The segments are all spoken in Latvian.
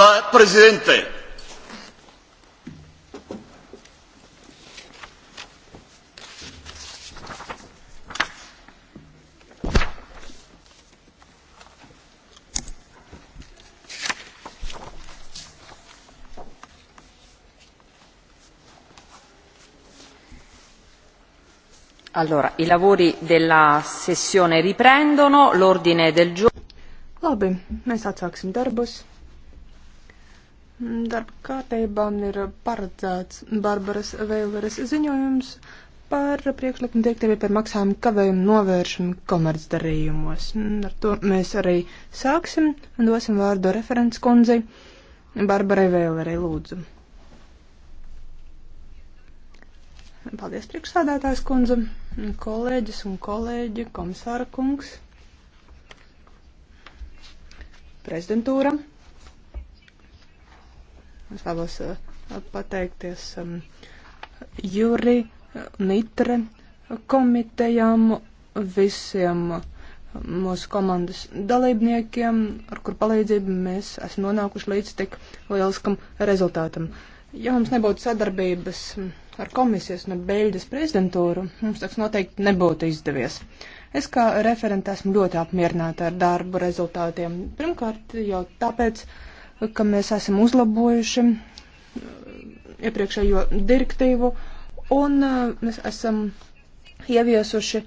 La Presidente. Allora, i lavori della sessione riprendono, l'ordine del giorno. Labi, mēs atsāksim darbus. Darba kārtībā ir paredzēts Barbaras Vēleres ziņojums par priekšlikumu direktīvai par maksājumu kavējumu novēršanu komercdarījumos. Ar to mēs arī sāksim un dosim vārdu referents kundzei Barbarai Vēlerei lūdzu. Paldies priekšsādātājs kundze, kolēģis un kolēģi, komisāra kungs, prezidentūra. Es vēlos uh, pateikties um, Juri un Itre komitejām, visiem uh, mūsu komandas dalībniekiem, ar kur palīdzību mēs esam nonākuši līdz tik lieliskam rezultātam. Ja mums nebūtu sadarbības um, ar komisijas un ar Beļģijas prezidentūru, mums tas noteikti nebūtu izdevies. Es kā referenta esmu ļoti apmierināta ar darbu rezultātiem. Pirmkārt jau tāpēc, uh, ka mēs esam uzlabojuši iepriekšējo direktīvu un uh, mēs esam ieviesuši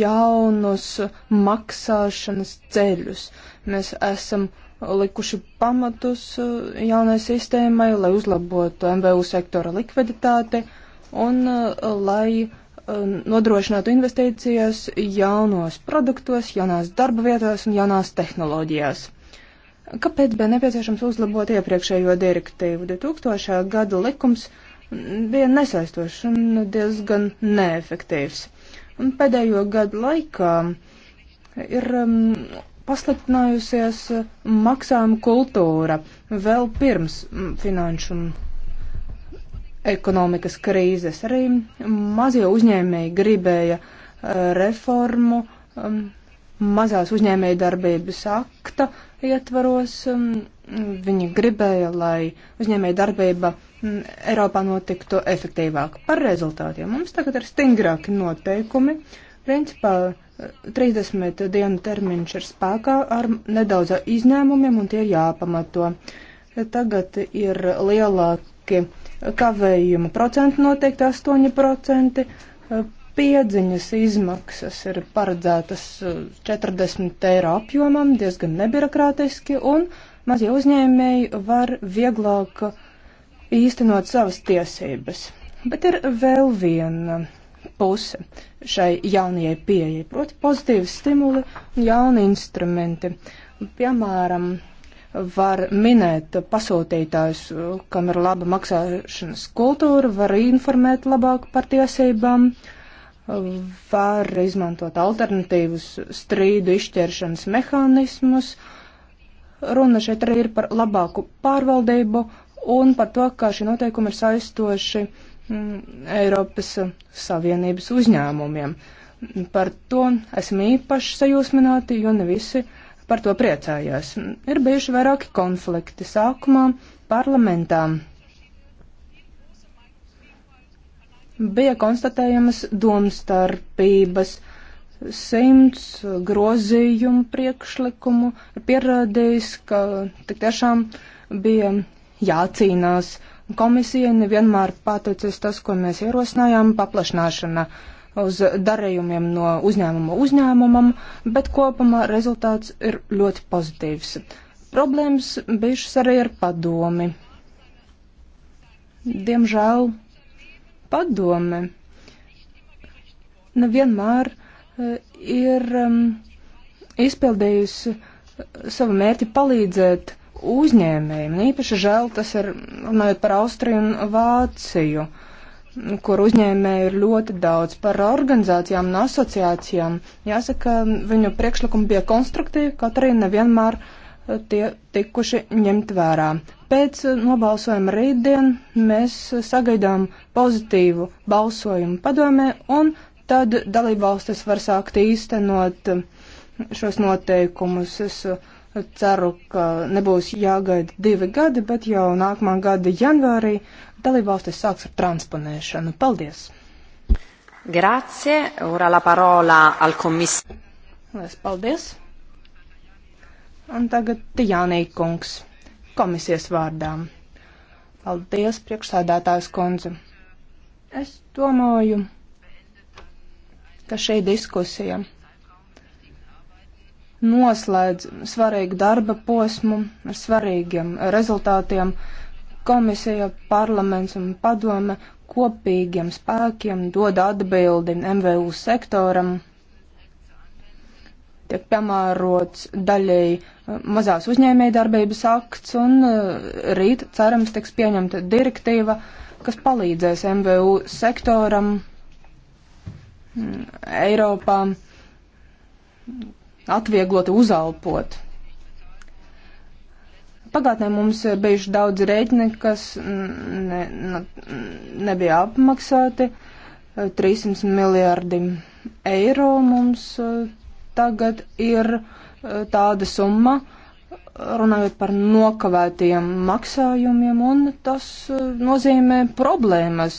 jaunus maksāšanas ceļus. Mēs esam likuši pamatus uh, jaunai sistēmai, lai uzlabotu MVU sektora likviditāti un uh, lai nodrošinātu investīcijas jaunos produktos, jaunās darba vietās un jaunās tehnoloģijās. Kāpēc bija nepieciešams uzlabot iepriekšējo direktīvu? 2000. gada likums bija nesaistošs un diezgan neefektīvs. Un pēdējo gadu laikā ir um, pasliktinājusies maksājuma kultūra vēl pirms mm, finanšu un ekonomikas krīzes. Arī mazie uzņēmēji gribēja uh, reformu um, mazās uzņēmēja darbības akta, uh, ietvaros. Um, viņi gribēja, lai uzņēmēja darbība mm, Eiropā notiktu efektīvāk. Par rezultātiem mums tagad ir stingrāki noteikumi. Principā 30 eh, dienu termiņš ir spēkā ar nedaudz izņēmumiem un tie ir jāpamato. Tagad ir lielāki kavējuma procenti noteikti 8%, Piedziņas izmaksas ir paredzētas 40 uh, eiro apjomam, diezgan nebirokrātiski, un mazie uzņēmēji var vieglāk īstenot savas tiesības. Bet ir vēl viena puse šai jaunajai pieejai, proti pozitīvi stimuli un jauni instrumenti. Piemēram, var minēt pasūtītājus, kam ir laba maksāšanas kultūra, var informēt labāk par tiesībām. Uh, var izmantot alternatīvus strīdu izšķiršanas mehānismus. Runa šeit arī ir par labāku pārvaldību un par to, kā šie noteikumi ir saistoši mm, Eiropas Savienības uzņēmumiem. Par to esam īpaši sajūsmināti, jo ne visi par to priecājās. Ir bijuši vairāki konflikti sākumā parlamentām bija konstatējamas domstarpības. Simts grozījumu priekšlikumu ir pierādījis, ka tik tiešām bija jācīnās. Komisija nevienmēr pateicis tas, ko mēs ierosinājām, paplašināšana uz darījumiem no uzņēmuma uzņēmumam, bet kopumā rezultāts ir ļoti pozitīvs. Problēmas bijušas arī ar padomi. Diemžēl padome nevienmēr eh, ir ehm, izpildējusi eh, savu mērķi palīdzēt uzņēmējiem. Īpaši žēl tas ir, runājot par Austriju un Vāciju, kur uzņēmēju ir ļoti daudz par organizācijām un asociācijām. Jāsaka, viņu priekšlikumi bija konstruktīvi, kaut arī nevienmēr uh, tie tikuši ņemt vērā. Pēc uh, nobalsojuma rītdien mēs sagaidām pozitīvu balsojumu padomē, un tad dalībvalstis var sākt īstenot uh, šos noteikumus. Es uh, ceru, ka nebūs jāgaida divi gadi, bet jau nākamā gada janvārī dalībvalstis sāks ar transponēšanu. Paldies! Grazie, ora la parola al komisāru. Paldies! Un tagad Jānī kungs komisijas vārdām. Paldies, priekšsādātājs kundze. Es domāju, ka šī diskusija noslēdz svarīgu darba posmu ar svarīgiem rezultātiem. Komisija, parlaments un padome kopīgiem spēkiem dod atbildi MVU sektoram. Tiek piemērots daļēji mazās uzņēmēja darbības akts, un eh, rīt, cerams, tiks pieņemta direktīva, kas palīdzēs MVU sektoram mm, Eiropā atvieglot, uzalpot. Pagātnē mums bijuši daudz rēķini, kas mm, ne, ne, nu, nebija apmaksāti. 300 miljardi eiro mums eh, tagad ir. Uh, tāda summa, runājot par nokavētiem maksājumiem, un tas uh, nozīmē problēmas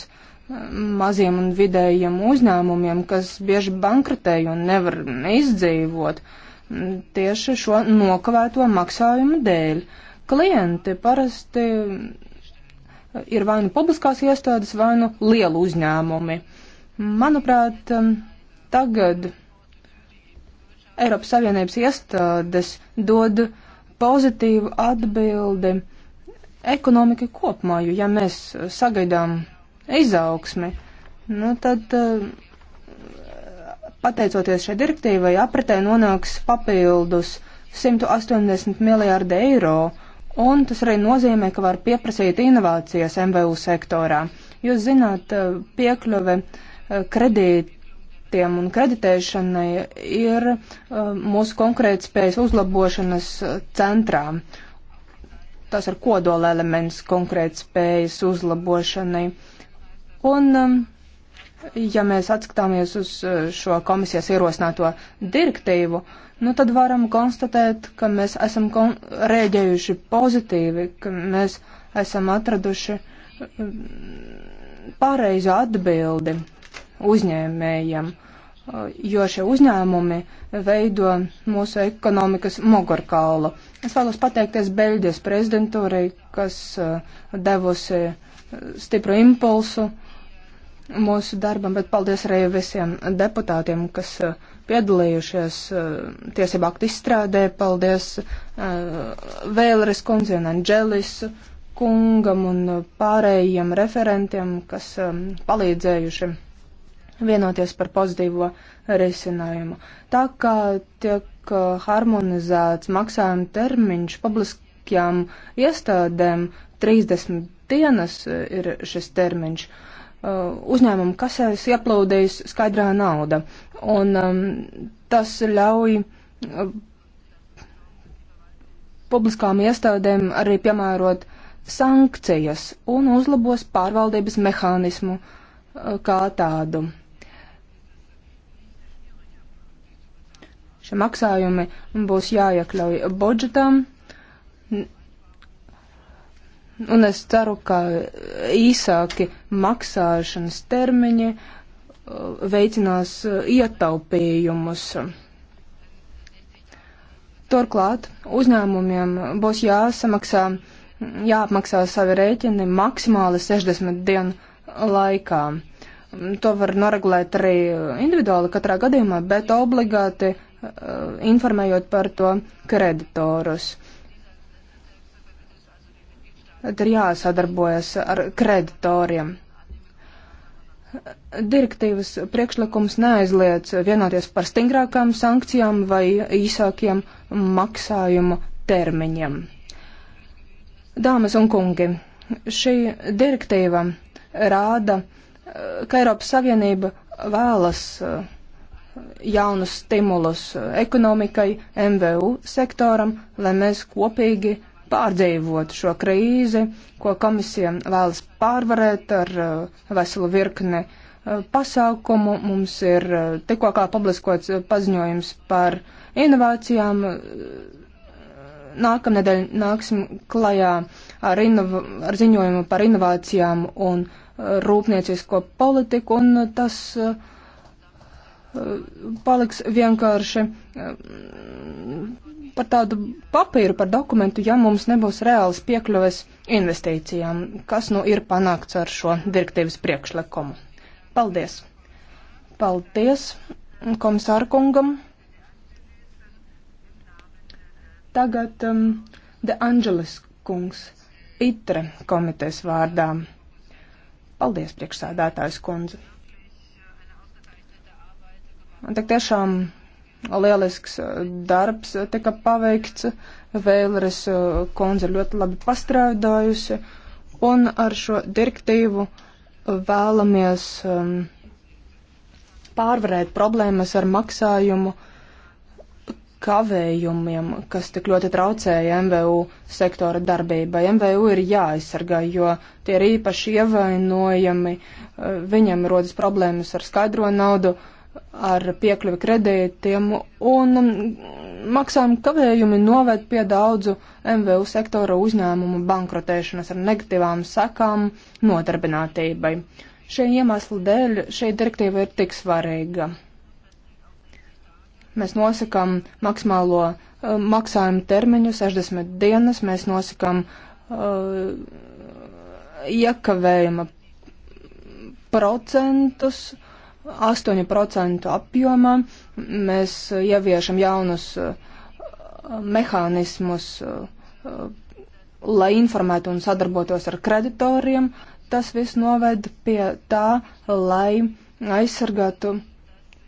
maziem un vidējiem uzņēmumiem, kas bieži bankrotēju un nevar izdzīvot tieši šo nokavēto maksājumu dēļ. Klienti parasti ir vai nu publiskās iestādes, vai nu lielu uzņēmumi. Manuprāt, tagad Eiropas Savienības iestādes dod pozitīvu atbildi ekonomikai kopumā, jo ja mēs sagaidām izaugsmi, nu tad eh, pateicoties šai direktīvai apritē nonāks papildus 180 miljārdi eiro, un tas arī nozīmē, ka var pieprasīt inovācijas MVU sektorā. Jūs zināt, eh, piekļuve eh, kredīt kredītiem un kreditēšanai ir uh, mūsu konkurētspējas uzlabošanas centrā. Tas ir kodola elements konkurētspējas uzlabošanai. Un, um, ja mēs atskatāmies uz uh, šo komisijas ierosināto direktīvu, nu tad varam konstatēt, ka mēs esam rēģējuši pozitīvi, ka mēs esam atraduši uh, pareizu atbildi uzņēmējiem, jo šie uzņēmumi veido mūsu ekonomikas mogurkaulu. Es vēlos pateikties Beļģijas prezidentūrai, kas uh, devusi uh, stipru impulsu mūsu darbam, bet paldies arī visiem deputātiem, kas uh, piedalījušies tiesību aktu izstrādē. Paldies Vēleres kundzi un Anģelis kungam un pārējiem referentiem, kas um, palīdzējuši vienoties par pozitīvo risinājumu. Tā kā tiek uh, harmonizēts maksājuma termiņš publiskajām iestādēm 30 dienas uh, ir šis termiņš. Uh, uzņēmumu kasēs ieplūdējis skaidrā nauda, un um, tas ļauj um, publiskām iestādēm arī piemērot sankcijas un uzlabos pārvaldības mehānismu uh, kā tādu. Šie maksājumi būs jāiekļauj budžetam. Un es ceru, ka īsāki maksāšanas termiņi uh, veicinās uh, ietaupījumus. Turklāt uzņēmumiem būs jāsamaksā, jāapmaksā savi rēķini maksimāli 60 dienu laikā. To var noregulēt arī individuāli katrā gadījumā, bet obligāti Eh, informējot par to kreditorus. Tad ir jāsadarbojas ar kreditoriem. Direktīvas priekšlikums neaizliedz vienoties par stingrākām sankcijām vai īsākiem maksājumu termiņiem. Dāmas un kungi, šī direktīva rāda, eh, ka Eiropas Savienība vēlas uh, jaunus stimulus ekonomikai, MVU sektoram, lai mēs kopīgi pārdzīvotu šo krīzi, ko komisija vēlas pārvarēt ar uh, veselu virkni uh, pasākumu. Mums ir uh, tikko kā publiskots paziņojums par inovācijām. Nākamnedēļ nāksim klajā ar, inov ar ziņojumu par inovācijām un rūpniecisko politiku, un tas uh, paliks vienkārši mm, par tādu papīru, par dokumentu, ja mums nebūs reāls piekļuves investīcijām, kas nu ir panākts ar šo direktīvas priekšlikumu. Paldies! Paldies komisārkungam! Tagad um, De Angelis kungs, ITRE komitejas vārdā. Paldies, priekšsādātājs kundze! Tik tiešām lielisks uh, darbs uh, tika paveikts. Vēlres uh, kundze ļoti labi pastrādājusi, un ar šo direktīvu vēlamies um, pārvarēt problēmas ar maksājumu kavējumiem, kas tik ļoti traucēja MVU sektora darbībai. MVU ir jāaizsargā, jo tie ir īpaši ievainojami, viņiem rodas problēmas ar skaidro naudu, uh, ar piekļuvi kredītiem, un um, maksājuma kavējumi noved pie daudzu MVU sektora uzņēmumu bankrotēšanas ar negatīvām sekām nodarbinātībai. Šie iemesli dēļ šī direktīva ir tik svarīga. Mēs nosakām maksimālo uh, maksājumu termiņu 60 dienas, mēs nosakām uh, iekavējuma procentus, uh, 8% apjomā. Mēs ieviešam jaunus uh, mehānismus, uh, uh, lai informētu un sadarbotos ar kreditoriem. Tas viss noved pie tā, lai aizsargātu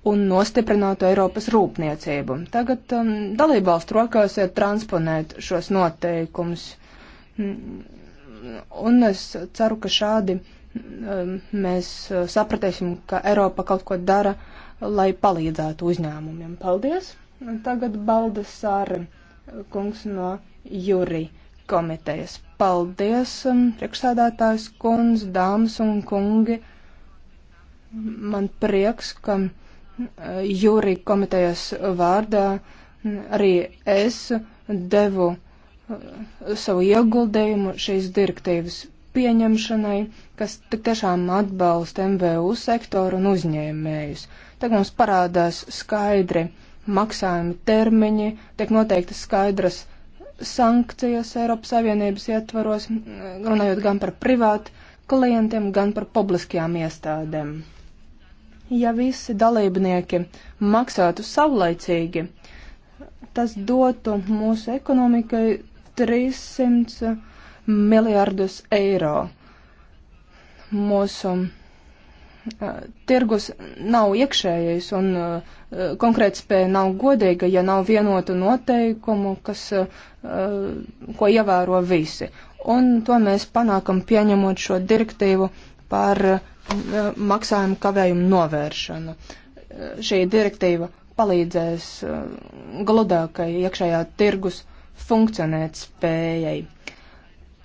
un nostiprinātu Eiropas rūpniecību. Tagad um, dalībvalstu rokās ir transponēt šos noteikumus. Mm, un es ceru, ka šādi uh, Um, mēs uh, sapratīsim, ka Eiropa kaut ko dara, lai palīdzētu uzņēmumiem. Paldies! Tagad baldas ar uh, kungs no jūri komitejas. Paldies, um, priekšsēdētājs kundz, dāmas un kungi. Man prieks, ka uh, jūri komitejas vārdā arī es devu savu ieguldījumu šīs direktīvas pieņemšanai, kas tik tiešām atbalsta MVU sektoru un uzņēmējus. Tagad mums parādās skaidri maksājumi termiņi, tiek noteiktas skaidras sankcijas Eiropas Savienības ietvaros, runājot gan par privātu klientiem, gan par publiskajām iestādēm. Ja visi dalībnieki maksātu savlaicīgi, tas dotu mūsu ekonomikai 300 miljardus eiro. Mūsu tirgus nav iekšējais un uh, konkrētspēja nav godīga, ja nav vienotu noteikumu, kas, uh, ko ievēro visi. Un to mēs panākam pieņemot šo direktīvu par uh, maksājumu kavējumu novēršanu. Šī direktīva palīdzēs gludākai iekšējā tirgus funkcionēt spējai.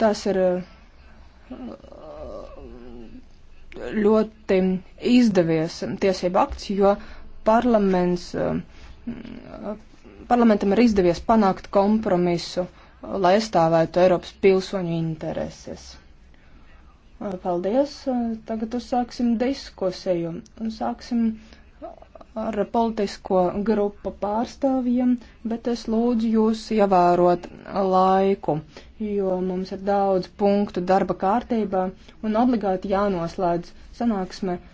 Tas ir uh, ļoti izdevies tiesība akts, jo parlaments, uh, parlamentam ir izdevies panākt kompromisu, lai aizstāvētu Eiropas pilsoņu intereses. Uh, paldies! Tagad uzsāksim diskusiju un sāksim ar politisko grupu pārstāvjiem, bet es lūdzu jūs ievērot laiku, jo mums ir daudz punktu darba kārtībā un obligāti jānoslēdz sanāksme uh,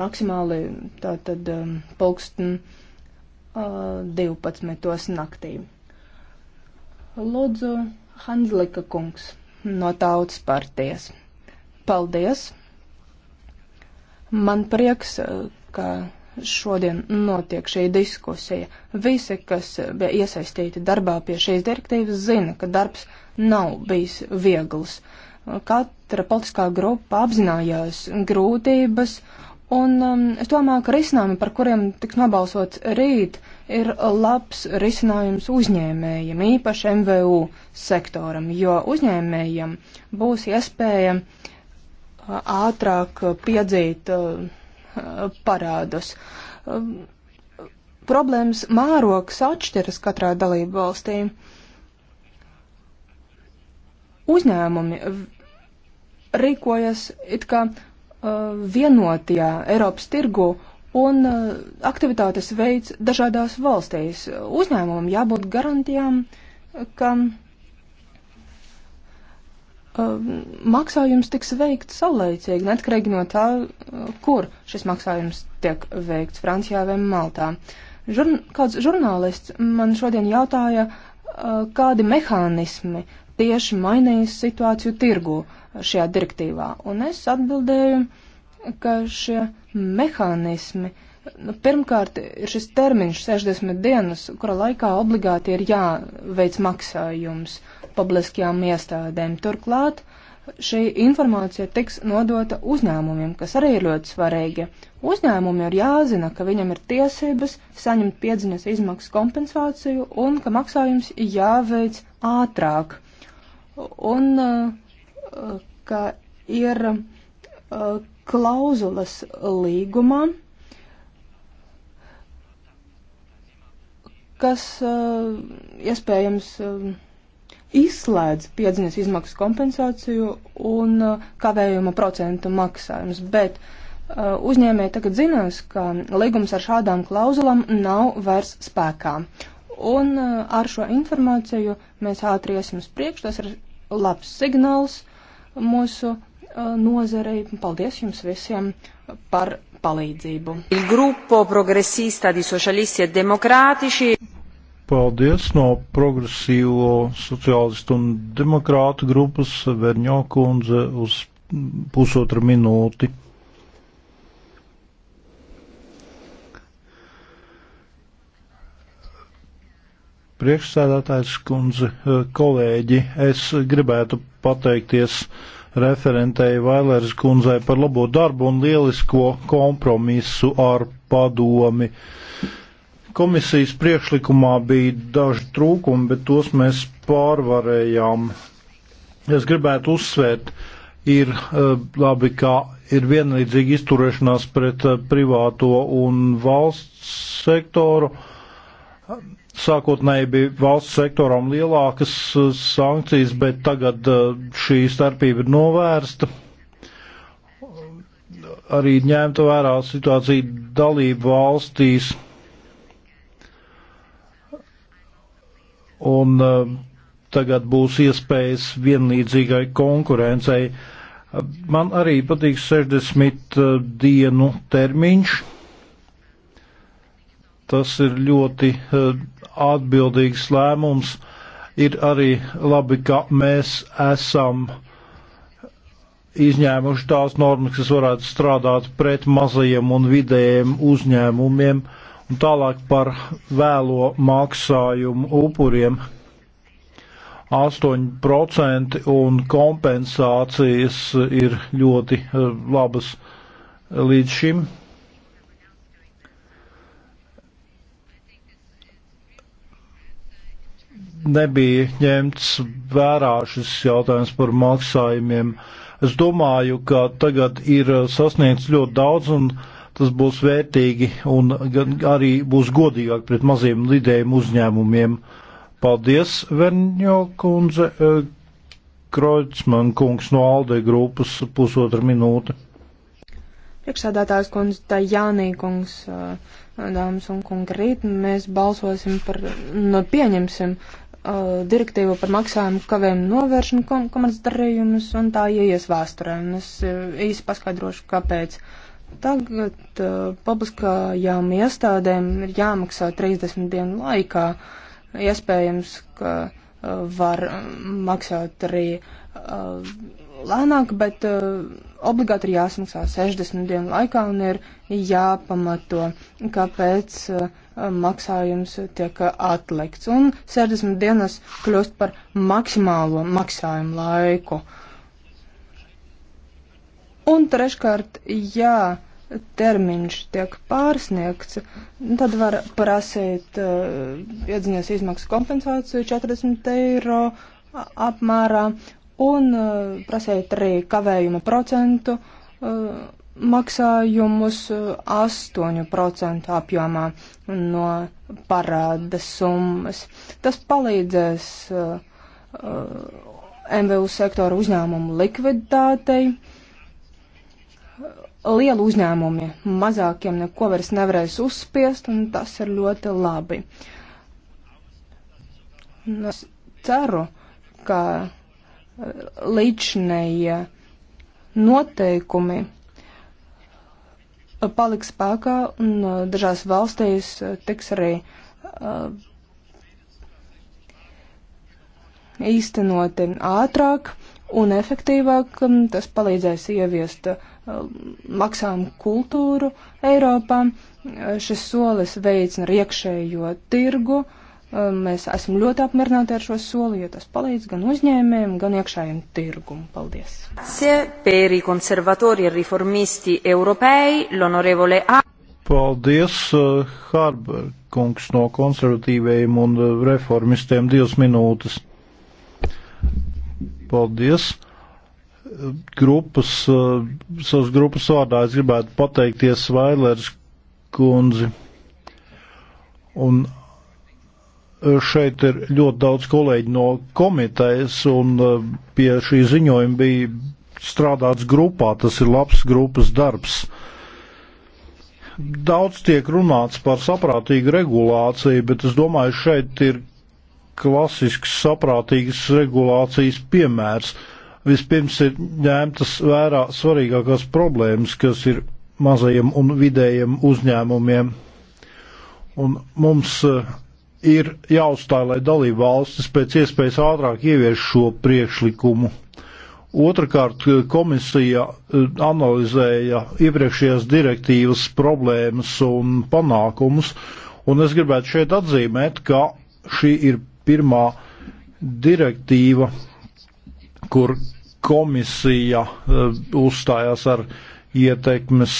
maksimāli tātad um, pulksten 12. Uh, naktī. Lūdzu, Hanslika kungs no tautas partijas. Paldies! Man prieks, uh, ka šodien notiek šī diskusija. Visi, kas bija iesaistīti darbā pie šīs direktīvas, zina, ka darbs nav bijis viegls. Katra politiskā grupa apzinājās grūtības, un um, es domāju, ka risinājumi, par kuriem tiks nobalsots rīt, ir labs risinājums uzņēmējiem, īpaši MVU sektoram, jo uzņēmējiem būs iespēja uh, ātrāk piedzīt uh, Eh, parādus. Um, problēmas mērogs atšķiras katrā dalību valstī. Uzņēmumi rīkojas it kā eh, vienotajā Eiropas tirgu un eh, aktivitātes veids dažādās valstīs. Uzņēmumam jābūt garantijām, ka Um, maksājums tiks veikts saulēcīgi, neatkarīgi no tā, uh, kur šis maksājums tiek veikts, Francijā vai Maltā. Žurn kāds žurnālists man šodien jautāja, uh, kādi mehānismi tieši mainīs situāciju tirgu šajā direktīvā, un es atbildēju, ka šie mehānismi. Nu, pirmkārt, ir šis termiņš 60 dienas, kura laikā obligāti ir jāveic maksājums. Uh, publiskajām iestādēm. Turklāt šī informācija tiks nodota uzņēmumiem, kas arī ir ļoti svarīgi. Uzņēmumi ir jāzina, ka viņam ir tiesības saņemt piedziņas izmaksu kompensāciju un ka maksājums jāveic ātrāk. Un eh, ka ir eh, klauzulas līgumā, kas eh, iespējams. Ja izslēdz piedzīves izmaksu kompensāciju un uh, kavējuma procentu maksājumus, bet uh, uzņēmēji tagad zinās, ka līgums ar šādām klauzulām nav vairs spēkā. Un uh, ar šo informāciju mēs ātri iesim uz priekšu, tas ir labs signāls mūsu nozarei. Paldies jums visiem par palīdzību. Il gruppo progressista di socialisti e democratici. Paldies no progresīvo sociālistu un demokrātu grupas Verņo kundze uz pusotra minūti. Priekšsēdētājs kundze, kolēģi, es gribētu pateikties referentei Vailēras kundzei par labo darbu un lielisko kompromisu ar padomi. Uh, Komisijas priekšlikumā bija daži trūkumi, bet tos mēs pārvarējām. Es gribētu uzsvērt, ir eh, labi, ka ir vienlīdzīga izturēšanās pret eh, privāto un valsts sektoru. Sākotnēji bija valsts sektoram lielākas eh, sankcijas, bet tagad šī starpība ir novērsta. Arī ņemta vērā situācija dalību valstīs un uh, tagad būs iespējas vienlīdzīgai konkurencei. Uh, man arī patīk 60 uh, dienu termiņš. Tas ir ļoti atbildīgs lēmums. Ir arī labi, ka mēs esam izņēmuši tās normas, kas varētu strādāt pret mazajiem un vidējiem uzņēmumiem. Uh, Un tālāk par vēlo maksājumu upuriem 8% un kompensācijas ir ļoti eh, labas līdz šim. Nebija ņemts vērā šis jautājums par maksājumiem. Es domāju, ka tagad ir sasniegts ļoti daudz un uh, Tas būs vērtīgi un arī būs godīgāk pret maziem lidējiem uzņēmumiem. Paldies, Verņo kundze. Eh, Kreutzmann kungs no Alde grupas pusotra minūte. Priekšsādātājs kundze, tā Jānī kungs, eh, dāmas un kungi, rīt mēs balsosim par, nu, pieņemsim eh, direktīvu par maksājumu kavējumu novēršanu komercdarījumus, un tā ieies vēsturē. Un es īsi paskaidrošu, kāpēc. Uh, Tagad uh, publiskajām iestādēm ir jāmaksā 30 dienu laikā. Iespējams, ka uh, var maksāt arī uh, lēnāk, bet uh, obligāti ir jāsmaksā 60 dienu laikā un ir jāpamato, kāpēc uh, maksājums tiek atlikts. Un 60 dienas kļūst par maksimālo maksājumu laiku. Uh, Un treškārt, jā, termiņš tiek pārsniegts, tad var prasīt uh, eh, iedzinies izmaksu kompensāciju 40 eiro apmērā un uh, prasīt arī kavējuma procentu uh, maksājumus 8% apjomā no parāda summas. Tas palīdzēs uh, uh, MVU sektoru uzņēmumu likviditātei. Uh, lieli uzņēmumi. Mazākiem neko vairs nevarēs uzspiest, un tas ir ļoti labi. Un es ceru, ka eh, līdšanēja noteikumi eh, paliks spēkā, un eh, dažās valstīs tiks arī uh, īstenoti ātrāk un efektīvāk. Tas palīdzēs ieviest Um, maksājumu kultūru Eiropā. Šis solis veicina arī iekšējo tirgu. Um, mēs esam ļoti apmierināti ar šo soli, jo tas palīdz gan uzņēmējiem, gan iekšējiem tirgum. Paldies! Paldies, e eh, Harber kungs no konservatīvajiem un eh, reformistiem divas minūtes. Paldies! grupas, eh, savas grupas vārdā es gribētu pateikties Vailers kundzi. Un eh, šeit ir ļoti daudz kolēģi no komitejas, un eh, pie šī ziņojuma bija strādāts grupā, tas ir labs grupas darbs. Daudz tiek runāts par saprātīgu regulāciju, bet es domāju, šeit ir klasisks saprātīgas regulācijas piemērs. Uh, vispirms ir ņemtas vērā svarīgākās problēmas, kas ir mazajiem un vidējiem uzņēmumiem. Un mums eh, ir jāuzstāj, lai dalība valstis pēc iespējas ātrāk ievieš šo priekšlikumu. Otrakārt, komisija eh, analizēja iepriekšējās direktīvas problēmas un panākumus, un es gribētu šeit atzīmēt, ka šī ir pirmā direktīva, kur komisija eh, uzstājās ar ieteikmes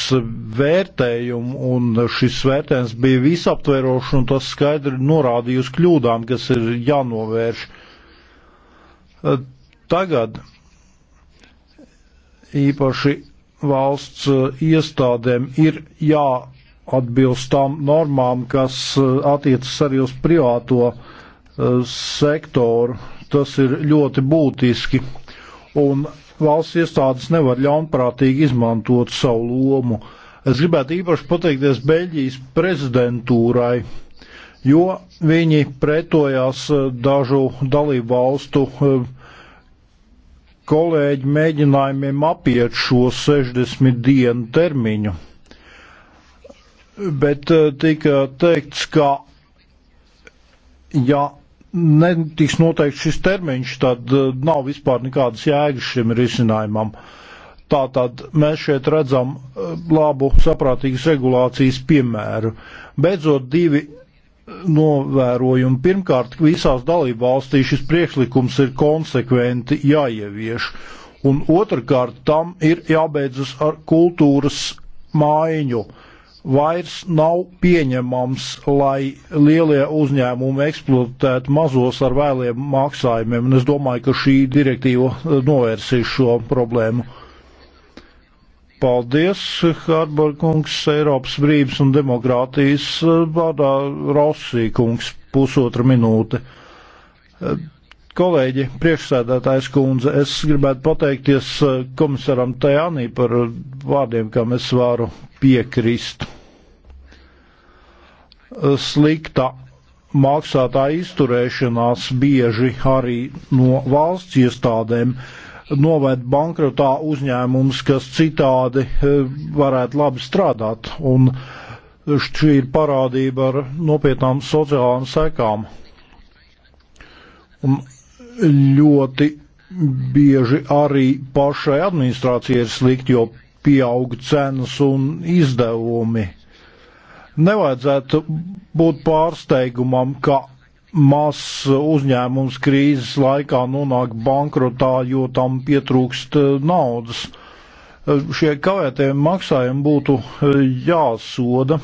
vērtējumu, un šis vērtējums bija visaptverošs, un tas skaidri norādīja uz kļūdām, kas ir jānovērš. Eh, tagad īpaši valsts eh, iestādēm ir jāatbilst tām normām, kas attiecas arī uz privāto sektoru Tas ir ļoti būtiski. Un valsts iestādes nevar ļaunprātīgi izmantot savu lomu. Es gribētu īpaši pateikties Beļģijas prezidentūrai, jo viņi pretojās eh, dažu dalību valstu eh, kolēģi mēģinājumiem apiet šo 60 dienu termiņu. Bet eh, tika teikts, ka ja netiks noteikts šis termiņš, tad eh, nav vispār nekādas jēgas šim risinājumam. Tātad mēs šeit redzam eh, labu, saprātīgas regulācijas piemēru. Beidzot, divi eh, novērojumi. Pirmkārt, visās dalību valstīs šis priekšlikums ir konsekventi jāievieš, un otrkārt, tam ir jābeidzas ar kultūras maiņu vairs nav pieņemams, lai lielie uzņēmumi eksploatētu mazos ar vēliem maksājumiem, un es domāju, ka šī direktīva eh, novērsīs šo problēmu. Paldies, Hārbarkungs, Eiropas brības un demokrātijas eh, vārdā Rosīkungs, pusotra minūte. Eh, kolēģi, priekšsēdētājs kundze, es gribētu pateikties komisaram Tajānī par vārdiem, kam es varu piekrist. Slikta maksātāja izturēšanās bieži arī no valsts iestādēm noved bankrotā uzņēmums, kas citādi eh, varētu labi strādāt, un šī ir parādība ar nopietnām sociālām sekām. Un ļoti bieži arī pašai administrācijai ir slikti, jo pieaug cenas un izdevumi. Nevajadzētu būt pārsteigumam, ka mazs uzņēmums krīzes laikā nonāk bankrotā, jo tam pietrūkst eh, naudas. Eh, šie kavētie maksājumi būtu eh, jāsoda,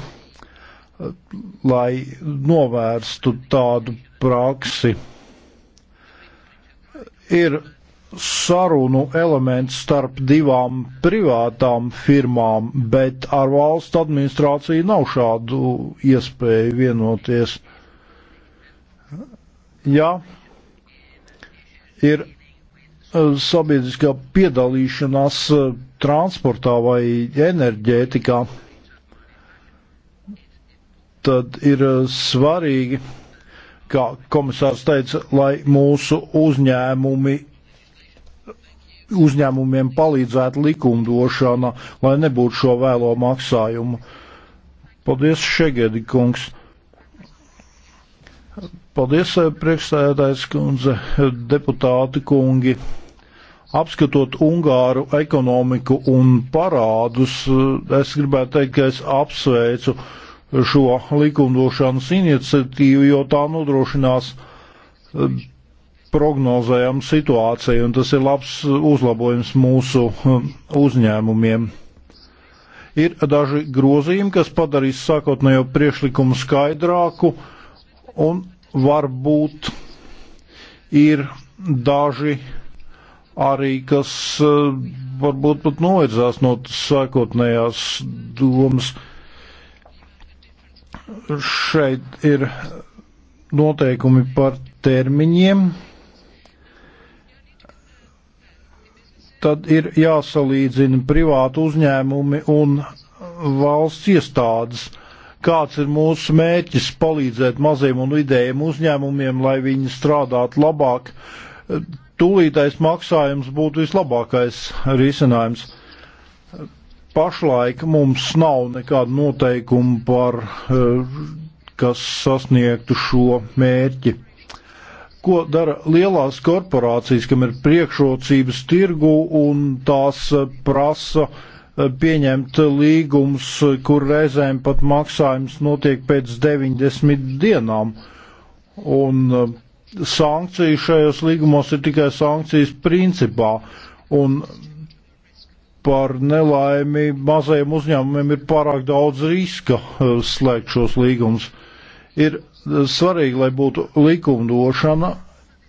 lai novērstu tādu praksi. Ir sarunu elements starp divām privātām firmām, bet ar valsts administrāciju nav šādu iespēju vienoties. Ja ir e, sabiedriskā piedalīšanās e, transportā vai enerģētikā, tad ir e, svarīgi, kā komisārs teica, lai mūsu uzņēmumi uzņēmumiem palīdzētu likumdošana, lai nebūtu šo vēlo maksājumu. Paldies, Šegedi kungs! Paldies, eh, priekšsēdētājs kundze, deputāti kungi! Apskatot Ungāru ekonomiku un parādus, eh, es gribētu teikt, ka es apsveicu šo likumdošanas iniciatīvu, jo tā nodrošinās eh, prognozējama situācija, un tas ir labs uzlabojums mūsu hm, uzņēmumiem. Ir daži grozījumi, kas padarīs sākotnējo priekšlikumu skaidrāku, un varbūt ir daži arī, kas hm, varbūt pat noedzās no sākotnējās domas. Šeit ir noteikumi par termiņiem, tad ir jāsalīdzina privātu uzņēmumi un valsts iestādes. Kāds ir mūsu mērķis palīdzēt maziem un vidējiem uzņēmumiem, lai viņi strādātu labāk? Tūlītais maksājums būtu vislabākais risinājums. Pašlaik mums nav nekāda noteikuma par, eh, kas sasniegtu šo mērķi ko dara lielās korporācijas, kam ir priekšrocības tirgu un tās eh, prasa eh, pieņemt līgums, kur reizēm pat maksājums notiek pēc 90 dienām. Un eh, sankcijas šajos līgumos ir tikai sankcijas principā. Un par nelaimi mazajiem uzņēmumiem ir pārāk daudz riska slēgt šos līgumus. Ir svarīgi, lai būtu likumdošana,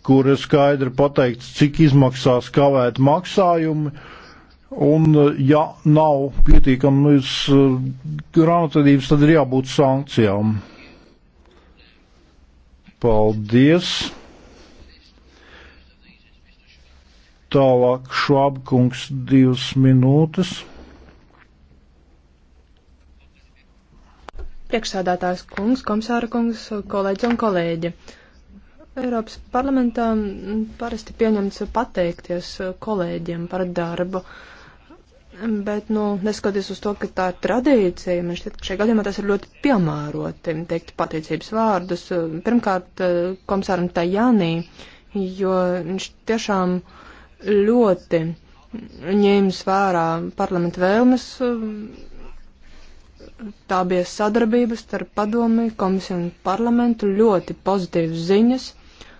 kur ir skaidri pateikts, cik izmaksās kavēt maksājumi, un ja nav pietiekamas nu, eh, grāmatvedības, tad ir jābūt sankcijām. Paldies! Tālāk švabkungs divas minūtes. Priekšsādātājs kungs, komisāra kungs, kolēģi un kolēģi. Eiropas parlamentā parasti pieņemts pateikties kolēģiem par darbu, bet, nu, neskatoties uz to, ka tā ir tradīcija, man šķiet, ka šajā gadījumā tas ir ļoti piemēroti, teikt pateicības vārdus. Pirmkārt, komisāram Tajānī, jo viņš tiešām ļoti ņēmis vērā parlamenta vēlmes Tā bija sadarbības starp padomi, komisiju un parlamentu ļoti pozitīvas ziņas.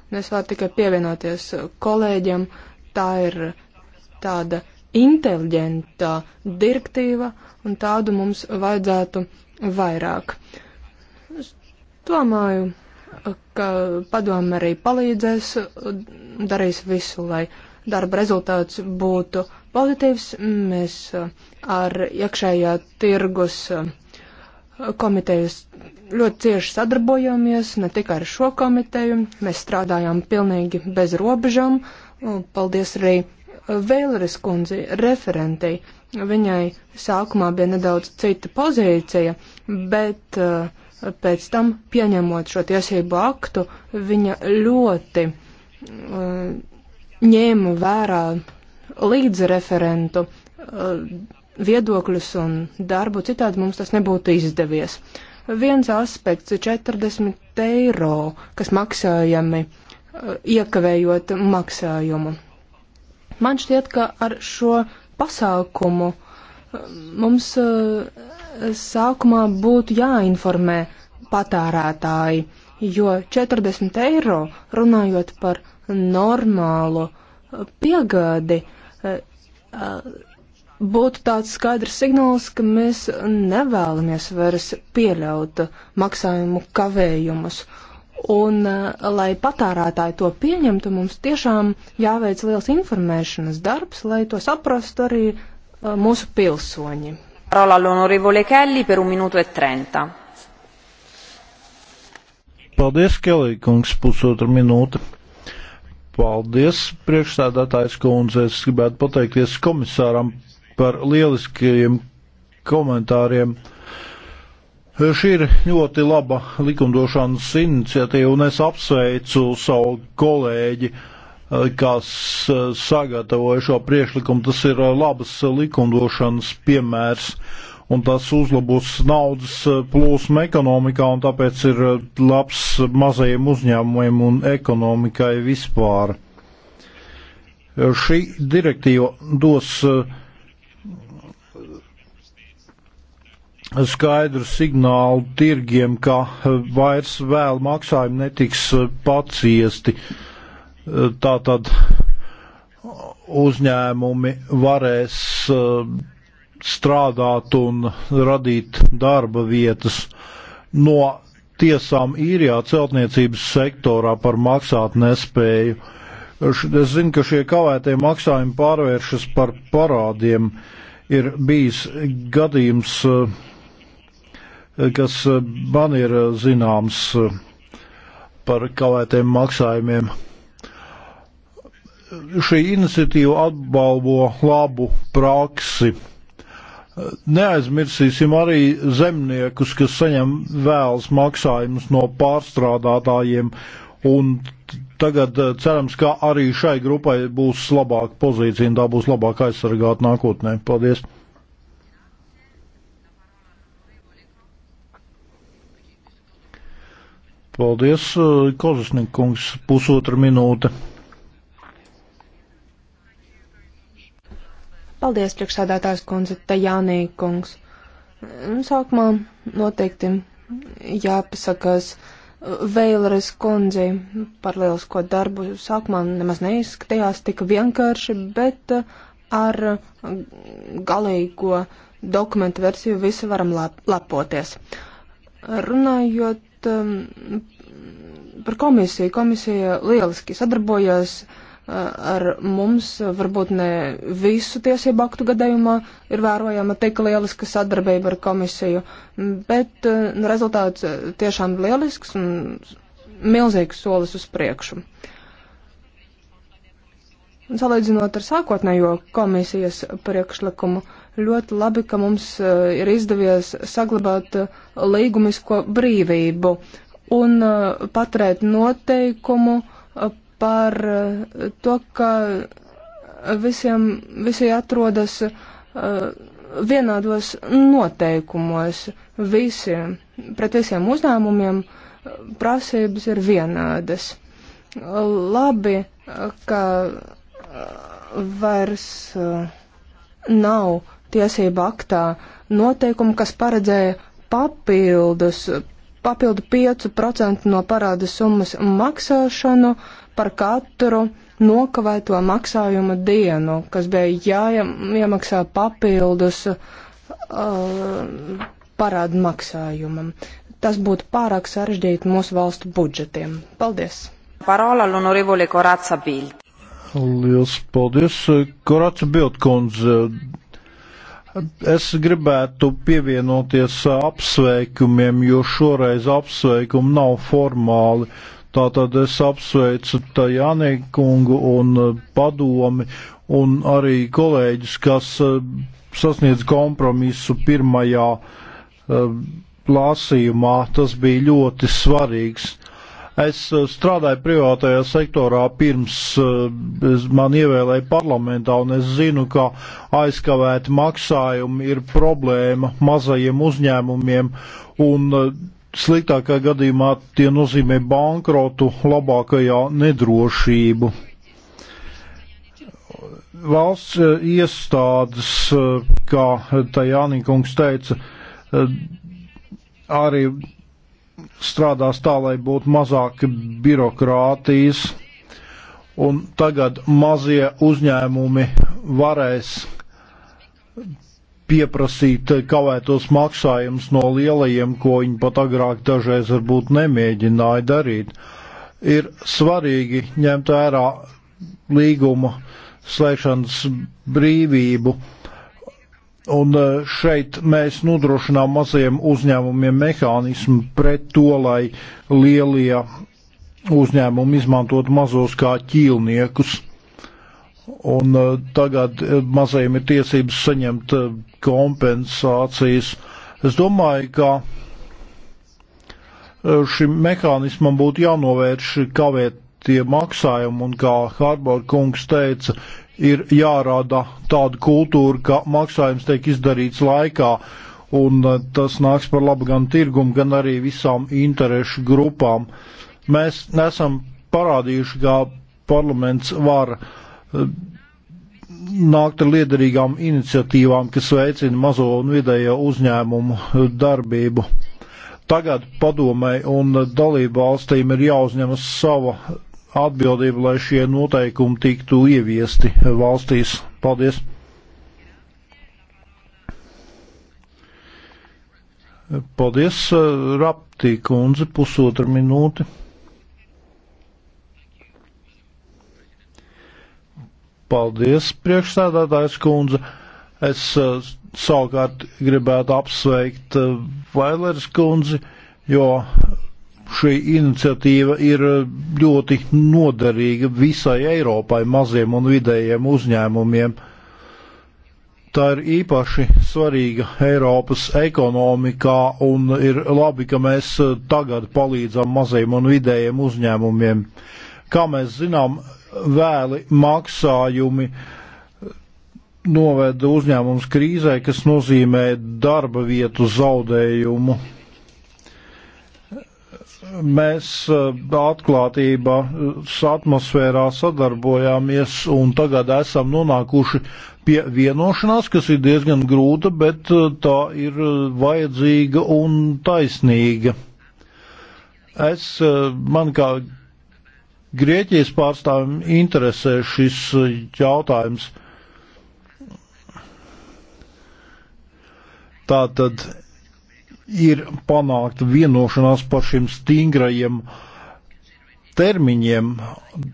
Un es varu tikai pievienoties kolēģiem. Tā ir tāda inteliģenta direktīva, un tādu mums vajadzētu vairāk. Es domāju, ka padomi arī palīdzēs, darīs visu, lai darba rezultāts būtu pozitīvs. Mēs ar iekšējā tirgus uh, komitejas ļoti cieši sadarbojamies, ne tikai ar šo komiteju. Mēs strādājām pilnīgi bez robežām. Paldies arī Vēleres kundzi, referentei. Viņai sākumā bija nedaudz cita pozīcija, bet uh, pēc tam, pieņemot šo tiesību aktu, viņa ļoti uh, ņēma vērā līdzi referentu uh, viedokļus un darbu, citādi mums tas nebūtu izdevies. Viens aspekts ir 40 eiro, kas maksājami eh, iekavējot maksājumu. Man šķiet, ka ar šo pasākumu eh, mums eh, sākumā būtu jāinformē patērētāji, jo 40 eiro runājot par normālu piegādi būtu tāds skaidrs signāls, ka mēs nevēlamies vairs pieļaut maksājumu kavējumus. Un, eh, lai patērētāji to pieņemtu, mums tiešām jāveic liels informēšanas darbs, lai to saprastu arī eh, mūsu pilsoņi. Parola all'onorevole Kelly per un minūtu e trenta. Paldies, Kelly, kungs, pusotra minūte. Paldies, priekšsēdētājs kundze. Es gribētu pateikties komisāram par lieliskajiem komentāriem. Šī ir ļoti laba likumdošanas iniciatīva, un es apsveicu savu kolēģi, eh, kas eh, sagatavoja šo priekšlikumu. Tas ir eh, labas likumdošanas piemērs, un tas uzlabos naudas plūsmu ekonomikā, un tāpēc ir labs mazajiem uzņēmumiem un ekonomikai vispār. Šī direktīva dos uh, skaidru signālu tirgiem, ka eh, vairs vēl maksājumi netiks eh, paciesti. Eh, tātad uzņēmumi varēs strādāt un radīt darba vietas. No tiesām īrijā celtniecības sektorā par maksāt nespēju. Es zinu, ka šie kavētie maksājumi pārvēršas par parādiem. Ir bijis gadījums uh, kas e, man ir e, zināms e, par kavētiem maksājumiem. Šī iniciatīva atbalvo labu praksi. Neaizmirsīsim arī zemniekus, kas saņem vēlas maksājumus no pārstrādātājiem, un tagad cerams, ka arī šai grupai būs labāka pozīcija un tā būs labāk aizsargāta nākotnē. Paldies! Paldies, eh, Kozusnikungs, pusotra minūte. Paldies, priekšsādātājs kundze, Tajānī kungs. Sākumā noteikti jāpasakas Veilres kundzi par lielisko darbu. Sākumā nemaz neizskatījās tik vienkārši, bet ar galīgo dokumentu versiju visi varam lepoties. Runājot um, par komisiju. Komisija lieliski sadarbojas uh, ar mums, varbūt ne visu tiesību aktu gadījumā ir vērojama tik lieliska sadarbība ar komisiju, bet uh, nu, rezultāts uh, tiešām lielisks un milzīgs solis uz priekšu. Un salīdzinot ar sākotnējo komisijas priekšlikumu, uh, Ļoti labi, ka mums eh, ir izdevies saglabāt eh, līgumisko brīvību un eh, paturēt noteikumu par to, ka visiem, visi atrodas vienādos noteikumos. Visi, pret visiem uzņēmumiem prasības ir vienādas. Labi, ka vairs nav tiesība aktā noteikumu, kas paredzēja papildus, papildu 5% no parāda summas maksāšanu par katru nokavēto maksājuma dienu, kas bija jāiemaksā papildus uh, parādu maksājumam. Tas būtu pārāk sarežģīti mūsu valstu budžetiem. Paldies! Parola l'onorevole Corazza Bild. Liels paldies, Corazza Bild kundze. Es gribētu pievienoties apsveikumiem, jo šoreiz apsveikumi nav formāli. Tātad es apsveicu Tajānī kungu un uh, padomi un arī kolēģis, kas uh, sasniedz kompromisu pirmajā uh, lasījumā. Tas bija ļoti svarīgs. Es eh, strādāju privātajā sektorā pirms eh, man ievēlēja parlamentā, un es zinu, ka aizkavēti maksājumi ir problēma mazajiem uzņēmumiem, un eh, sliktākā gadījumā tie nozīmē bankrotu, labākajā nedrošību. Valsts iestādes, kā Tajānīkungs teica, arī strādās tā, lai būtu mazāk birokrātijas, un tagad mazie uzņēmumi varēs pieprasīt kavētos maksājumus no lielajiem, ko viņi pat agrāk dažreiz varbūt nemēģināja darīt. Ir svarīgi ņemt vērā līguma slēgšanas brīvību Un eh, šeit mēs nodrošinām mazajiem uzņēmumiem mehānismu pret to, lai lielie uzņēmumi izmantot mazos kā ķīlniekus. Un eh, tagad eh, mazajiem ir tiesības saņemt kompensācijas. Es domāju, ka šim mehānismam būtu jānovērš kavēt tie maksājumi, un kā Harbor kungs teica, ir jārada tāda kultūra, ka maksājums tiek izdarīts laikā, un uh, tas nāks par labu gan tirgum, gan arī visām interešu grupām. Mēs nesam parādījuši, kā parlaments var uh, nākt ar liederīgām iniciatīvām, kas veicina mazo un vidējo uzņēmumu uh, darbību. Tagad padomē un dalību valstīm ir jāuzņemas sava atbildību, lai šie noteikumi tiktu ieviesti valstīs. Paldies! Paldies, Raptī kundze, pusotra minūte. Paldies, priekšsēdētājs kundze. Es eh, savukārt gribētu apsveikt eh, Vailers kundzi, jo šī iniciatīva ir ļoti noderīga visai Eiropai, maziem un vidējiem uzņēmumiem. Tā ir īpaši svarīga Eiropas ekonomikā un ir labi, ka mēs tagad palīdzam maziem un vidējiem uzņēmumiem. Kā mēs zinām, vēli maksājumi noveda uzņēmums krīzē, kas nozīmē darba vietu zaudējumu mēs eh, atklātībā eh, atmosfērā sadarbojāmies un tagad esam nonākuši pie vienošanās, kas ir diezgan grūta, bet eh, tā ir vajadzīga un taisnīga. Es, man kā Grieķijas pārstāvim interesē šis jautājums. Tātad ir panākt vienošanās par šiem stingrajiem termiņiem.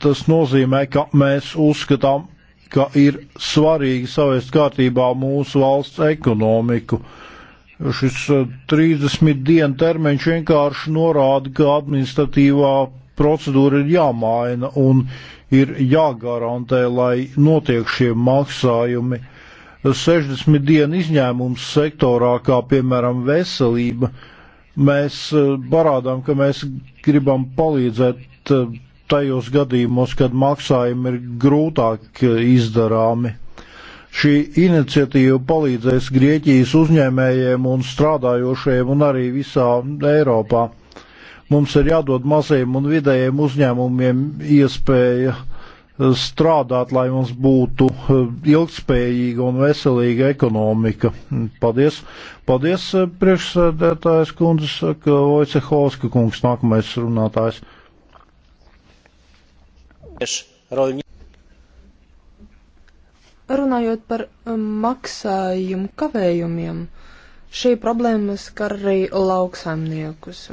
Tas nozīmē, ka mēs uzskatām, ka ir svarīgi savest kārtībā mūsu valsts ekonomiku. Šis 30 eh, dienu termiņš vienkārši norāda, ka administratīvā procedūra ir jāmaina un ir jāgarantē, lai notiek šie maksājumi 60 dienu izņēmums sektorā, kā piemēram veselība, mēs e, parādām, ka mēs gribam palīdzēt e, tajos gadījumos, kad maksājumi ir grūtāk e, izdarāmi. Šī iniciatīva palīdzēs Grieķijas uzņēmējiem un strādājošiem un arī visā Eiropā. Mums ir jādod mazajiem un vidējiem uzņēmumiem iespēja uh, strādāt, lai mums būtu eh, ilgspējīga un veselīga ekonomika. Paldies. Paldies, eh, priekšsēdētājs kundze, saka Vojcehovska kungs, nākamais runātājs. Runājot par eh, maksājumu kavējumiem, šī problēma skar arī lauksaimniekus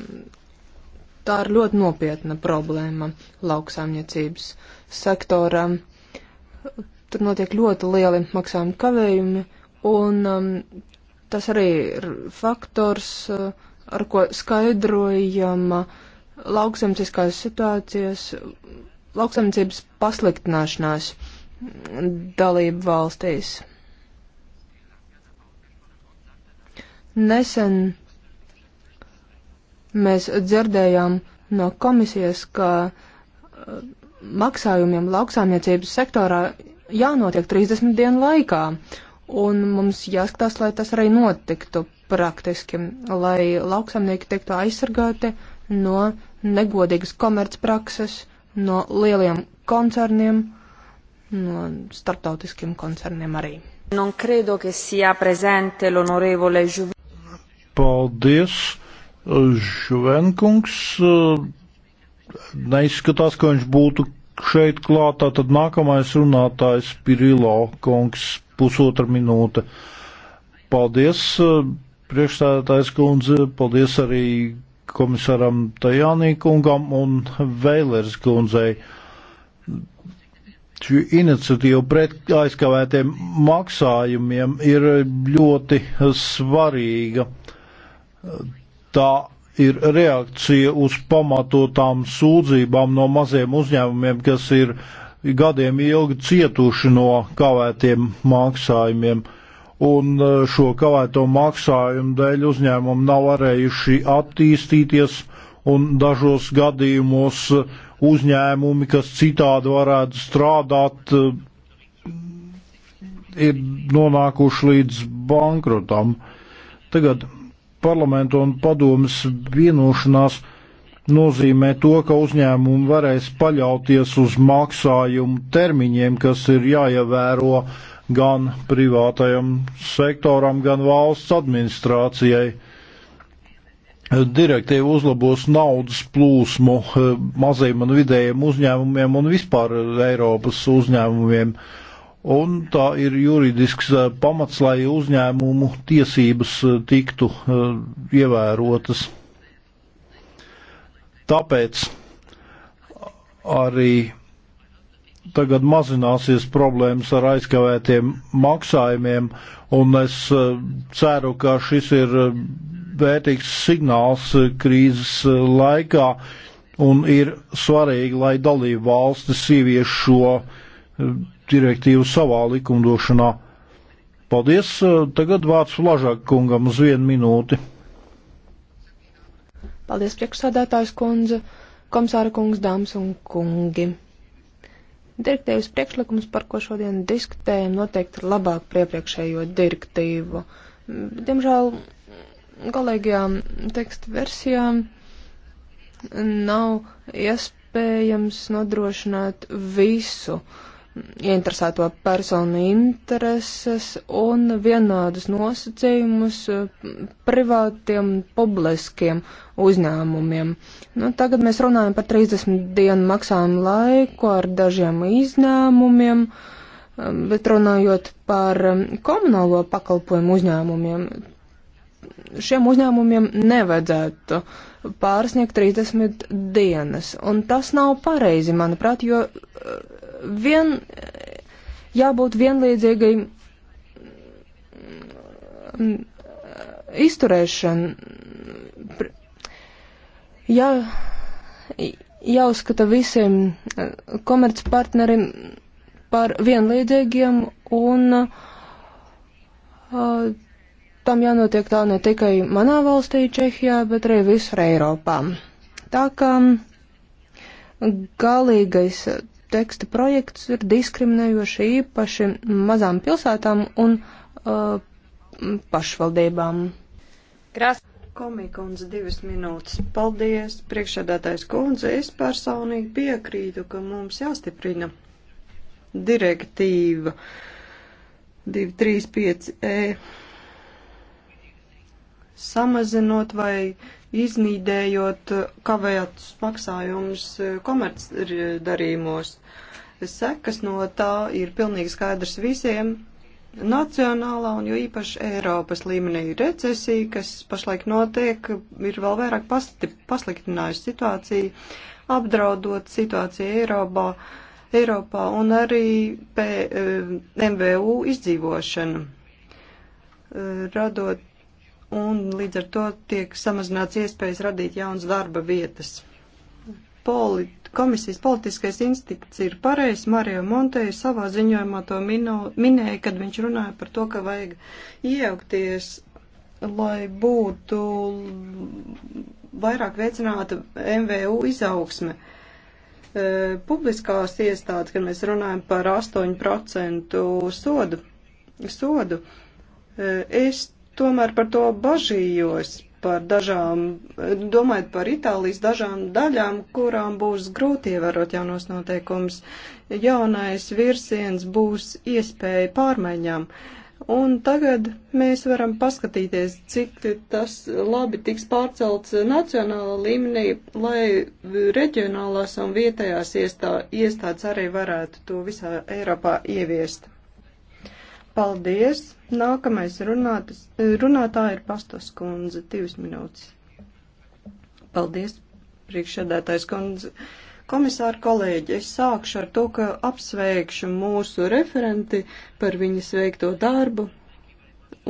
tā ir ļoti nopietna problēma lauksāmniecības sektorā. Tur notiek ļoti lieli maksājuma kavējumi, un um, tas arī ir faktors, uh, ar ko skaidrojama uh, lauksamnieciskās situācijas, lauksamniecības pasliktināšanās dalību valstīs. Nesen Mēs dzirdējām no komisijas, ka uh, maksājumiem lauksāniecības sektorā jānotiek 30 dienu laikā, un mums jāskatās, lai tas arī notiktu praktiski, lai lauksamnieki tiktu aizsargāti no negodīgas komercprakses, no lieliem koncerniem, no starptautiskiem koncerniem arī. Non credo che sia presente l'onorevole Juve. Paldies. Žuvenkungs eh, neizskatās, ka viņš būtu šeit klātā, tad nākamais runātājs Pirilo kungs pusotra minūte. Paldies, eh, priekšstādātājs kundze, paldies arī komisaram Tajānī kungam un Vēlers kundzei. Šī iniciatīva pret aizkavētiem maksājumiem ir ļoti svarīga tā ir reakcija uz pamatotām sūdzībām no maziem uzņēmumiem, kas ir gadiem ilgi cietuši no kavētiem maksājumiem. Un e, šo kavēto maksājumu dēļ uzņēmumi nav varējuši attīstīties, un dažos gadījumos e, uzņēmumi, kas citādi varētu strādāt, e, ir nonākuši līdz bankrotam. Tagad parlamenta un padomas vienošanās nozīmē to, ka uzņēmumi varēs paļauties uz maksājumu termiņiem, kas ir jāievēro gan privātajam sektoram, gan valsts administrācijai. Direktīva uzlabos naudas plūsmu eh, mazajiem un vidējiem uzņēmumiem un vispār Eiropas uzņēmumiem. Uh, un tā ir juridisks eh, pamats, lai uzņēmumu tiesības eh, tiktu eh, ievērotas. Tāpēc arī tagad mazināsies problēmas ar aizkavētiem maksājumiem, un es ceru, ka šis ir vērtīgs signāls krīzes laikā, un ir svarīgi, lai dalību valstis ievieš šo direktīvu savā likumdošanā. Paldies! Tagad vārds Lažāk kungam uz vienu minūti. Paldies, priekšsādātājs kundze, komisāra kungs, dāmas un kungi. Direktīvas priekšlikums, par ko šodien diskutējam, noteikti ir labāk par iepriekšējo direktīvu. Diemžēl galīgajā teksta versijā nav iespējams nodrošināt visu uh, ieinteresēto personu intereses un vienādus nosacījumus eh, privātiem, publiskiem uzņēmumiem. Nu, tagad mēs runājam par 30 dienu maksājumu laiku ar dažiem izņēmumiem, eh, bet runājot par eh, komunālo pakalpojumu uzņēmumiem, šiem uzņēmumiem nevajadzētu pārsniegt 30 dienas. Un tas nav pareizi, manuprāt, jo vien, jābūt vienlīdzīgai mm, mm, izturēšana. Jā, jāuzskata visiem eh, komercpartnerim par vienlīdzīgiem un uh, tam jānotiek tā ne tikai manā valstī Čehijā, bet arī visur Eiropā. Tā kā galīgais teksta projekts ir diskriminējoši īpaši mazām pilsētām un uh, pašvaldībām. Krās. Komikundze divas minūtes. Paldies, priekšsēdētājs kundze. Es personīgi piekrītu, ka mums jāstiprina direktīva 235E samazinot vai iznīdējot kavētus maksājumus komercdarījumos. Sekas no tā ir pilnīgi skaidrs visiem. Nacionālā un jo īpaši Eiropas līmenī recesija, kas pašlaik notiek, ir vēl vairāk pasti, pasliktinājusi situāciju, apdraudot situāciju Eiropā, Eiropā un arī pē, eh, MVU izdzīvošanu. Eh, radot un līdz ar to tiek samazināts iespējas radīt jaunas darba vietas. Poli, Komisijas politiskais instinkts ir pareizs. Mario Monteja savā ziņojumā to mino, minēja, kad viņš runāja par to, ka vajag iejaukties, lai būtu vairāk veicināta MVU izaugsme. E, publiskās iestādes, kad mēs runājam par 8% sodu, sodu, e, es tomēr par to bažījos par dažām, domājot par Itālijas dažām daļām, kurām būs grūti ievērot jaunos noteikumus. Jaunais virsiens būs iespēja pārmaiņām. Un tagad mēs varam paskatīties, cik tas labi tiks pārcelts nacionālā līmenī, lai reģionālās un vietējās iestā, iestādes arī varētu to visā Eiropā ieviest. Paldies! Nākamais runātas, runātā ir Pastos kundze, divas minūtes. Paldies, priekšsēdētājs kundze. Komisāra kolēģi, es sākšu ar to, ka apsveikšu mūsu referenti par viņas veikto darbu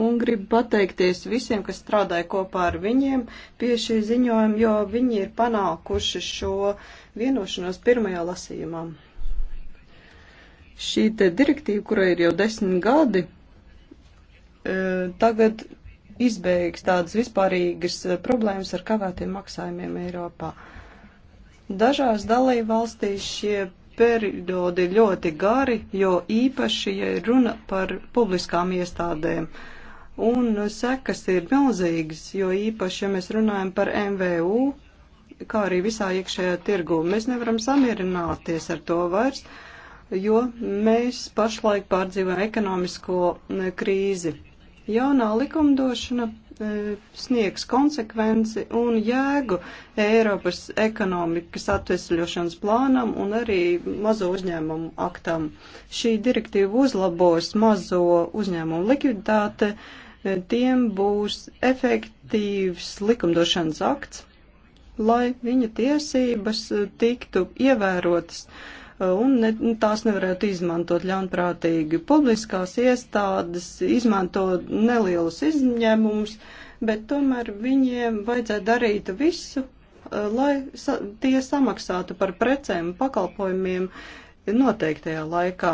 un gribu pateikties visiem, kas strādāja kopā ar viņiem pie šī ziņojuma, jo viņi ir panākuši šo vienošanos pirmajā lasījumā. Šī te direktīva, kurai ir jau desmit gadi, e, tagad izbēgs tādas vispārīgas e, problēmas ar kavētiem maksājumiem Eiropā. Dažās dalībvalstīs šie periodi ir ļoti gari, jo īpaši, ja runa par publiskām iestādēm. Un sekas ir milzīgas, jo īpaši, ja mēs runājam par MVU, kā arī visā iekšējā tirgū, mēs nevaram samierināties ar to vairs. Uh, jo mēs pašlaik pārdzīvojam ekonomisko e, krīzi. Jaunā likumdošana e, sniegs konsekvenci un jēgu Eiropas ekonomikas atvesļošanas plānam un arī mazo uzņēmumu aktam. Šī direktīva uzlabos mazo uzņēmumu likviditāte, e, tiem būs efektīvs likumdošanas akts, lai viņa tiesības tiktu ievērotas. Uh, un ne, nu, tās nevarētu izmantot ļaunprātīgi. Publiskās iestādes izmanto nelielus izņēmumus, bet tomēr viņiem vajadzētu darīt visu, eh, lai sa tie samaksātu par precēm, pakalpojumiem noteiktajā laikā.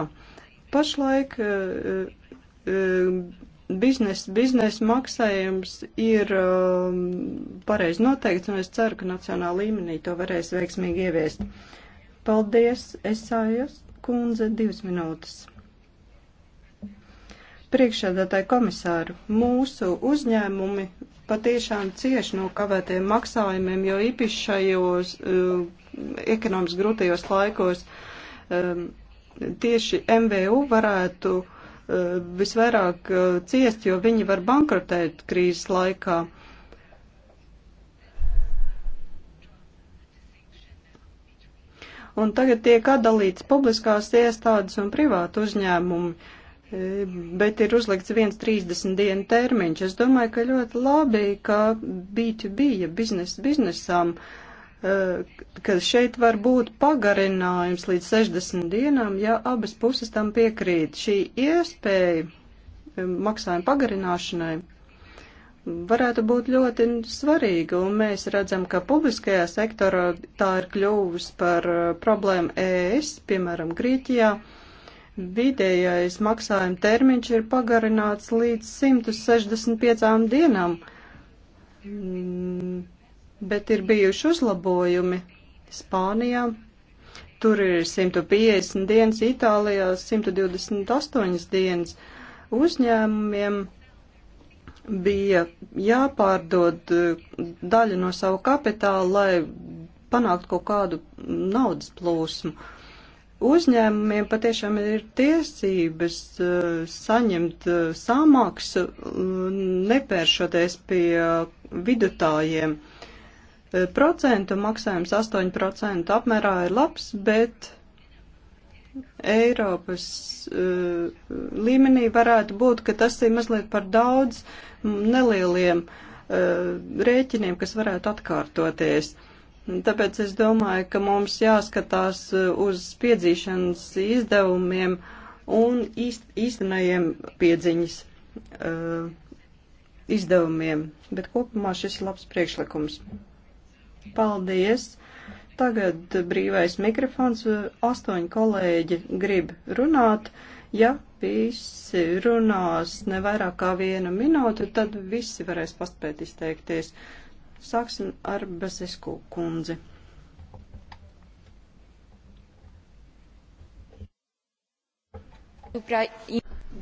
Pašlaik eh, eh, biznesa biznes maksājums ir pareizi noteikts, un es ceru, ka nacionāla līmenī to varēs veiksmīgi ieviest. Uh, Paldies, Esājas kundze, divas minūtes. Priekšādātāji komisāru, mūsu uzņēmumi patiešām cieši no kavētiem maksājumiem, jo īpaši šajos uh, ekonomiski grūtajos laikos um, tieši MVU varētu uh, visvairāk uh, ciest, jo viņi var bankrotēt krīzes laikā. Uh, un tagad tiek atdalīts publiskās iestādes un privātu uzņēmumu, e, bet ir uzlikts viens 30 dienu termiņš. Es domāju, ka ļoti labi, ka B2B, ja biznes biznesām, e, ka šeit var būt pagarinājums līdz 60 dienām, ja abas puses tam piekrīt. Šī iespēja e, maksājuma pagarināšanai varētu būt ļoti svarīga, un mēs redzam, ka publiskajā sektorā tā ir kļuvusi par uh, problēmu ES, piemēram, Grieķijā. Vidējais maksājuma termiņš ir pagarināts līdz 165 dienām, mm, bet ir bijuši uzlabojumi Spānijā. Tur ir 150 dienas, Itālijā 128 dienas uzņēmumiem bija jāpārdod eh, daļa no savu kapitālu, lai panāktu kaut kādu naudas plūsmu. Uzņēmumiem patiešām ir tiesības eh, saņemt eh, samaksu, mm, nepēršoties pie vidutājiem. Procentu maksājums 8% apmērā ir labs, bet Eiropas uh, līmenī varētu būt, ka tas ir mazliet par daudz nelieliem uh, rēķiniem, kas varētu atkārtoties. Tāpēc es domāju, ka mums jāskatās eh, uz piedzīšanas izdevumiem un īst, īstenajiem piedziņas uh, izdevumiem. Bet kopumā šis ir labs priekšlikums. Paldies! Tagad brīvais mikrofons. Astoņi kolēģi grib runāt. Ja visi runās ne vairāk kā vienu minūti, tad visi varēs paspēt izteikties. Sāksim ar Basesku kundzi.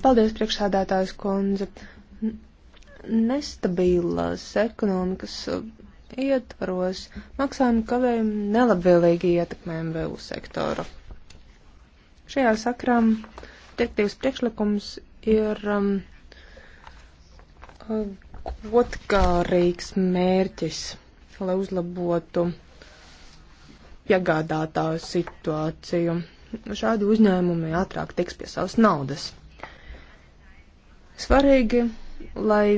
Paldies, priekšsādātājs kundze. Nestabilas ekonomikas ietvaros maksājumu kavējumu nelabvēlīgi ietekmē MVU sektoru. Šajā sakrā direktīvas priekšlikums ir um, uh, godkārīgs mērķis, lai uzlabotu piegādātāju situāciju. Šādi uzņēmumi ātrāk tiks pie savas naudas. Svarīgi, lai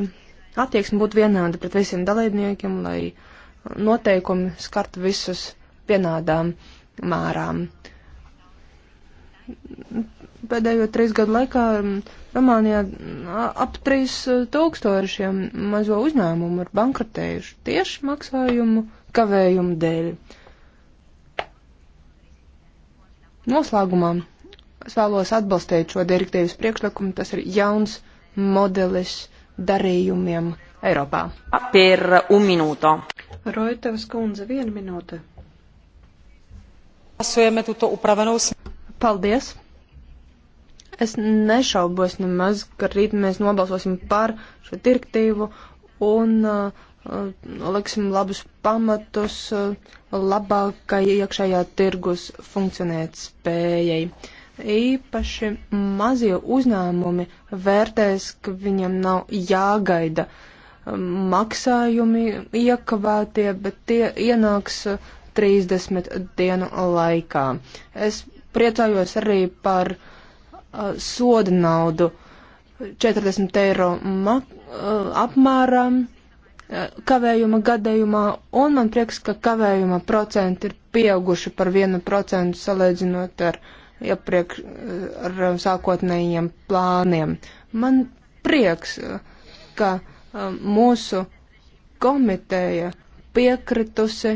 attieksme būtu vienāda pret visiem dalībniekiem, lai noteikumi skartu visus vienādām mērām. Pēdējo trīs gadu laikā Rumānijā ap trīs tūkstošiem mazo uzņēmumu ir bankrotējuši tieši maksājumu kavējumu dēļ. Noslēgumā es vēlos atbalstīt šo direktīvas priekšlikumu. Tas ir jauns modelis darījumiem Eiropā. Par un minūto. Roitavas kundze, viena minūte. Paldies. Es nešaubos nemaz, ka rīt mēs nobalsosim par šo direktīvu un uh, uh liksim labus pamatus uh, labākai iekšējā tirgus funkcionēt spējai. Uh, īpaši mazie uzņēmumi vērtēs, ka viņam nav jāgaida um, maksājumi iekavētie, bet tie ienāks 30 uh, dienu laikā. Es priecājos arī par uh, soda naudu 40 eiro ma, uh, apmērā uh, kavējuma gadījumā, un man prieks, ka kavējuma procenti ir pieauguši par 1% salīdzinot ar uh, iepriekš eh, ar sākotnējiem plāniem. Man prieks, eh, ka eh, mūsu komiteja piekritusi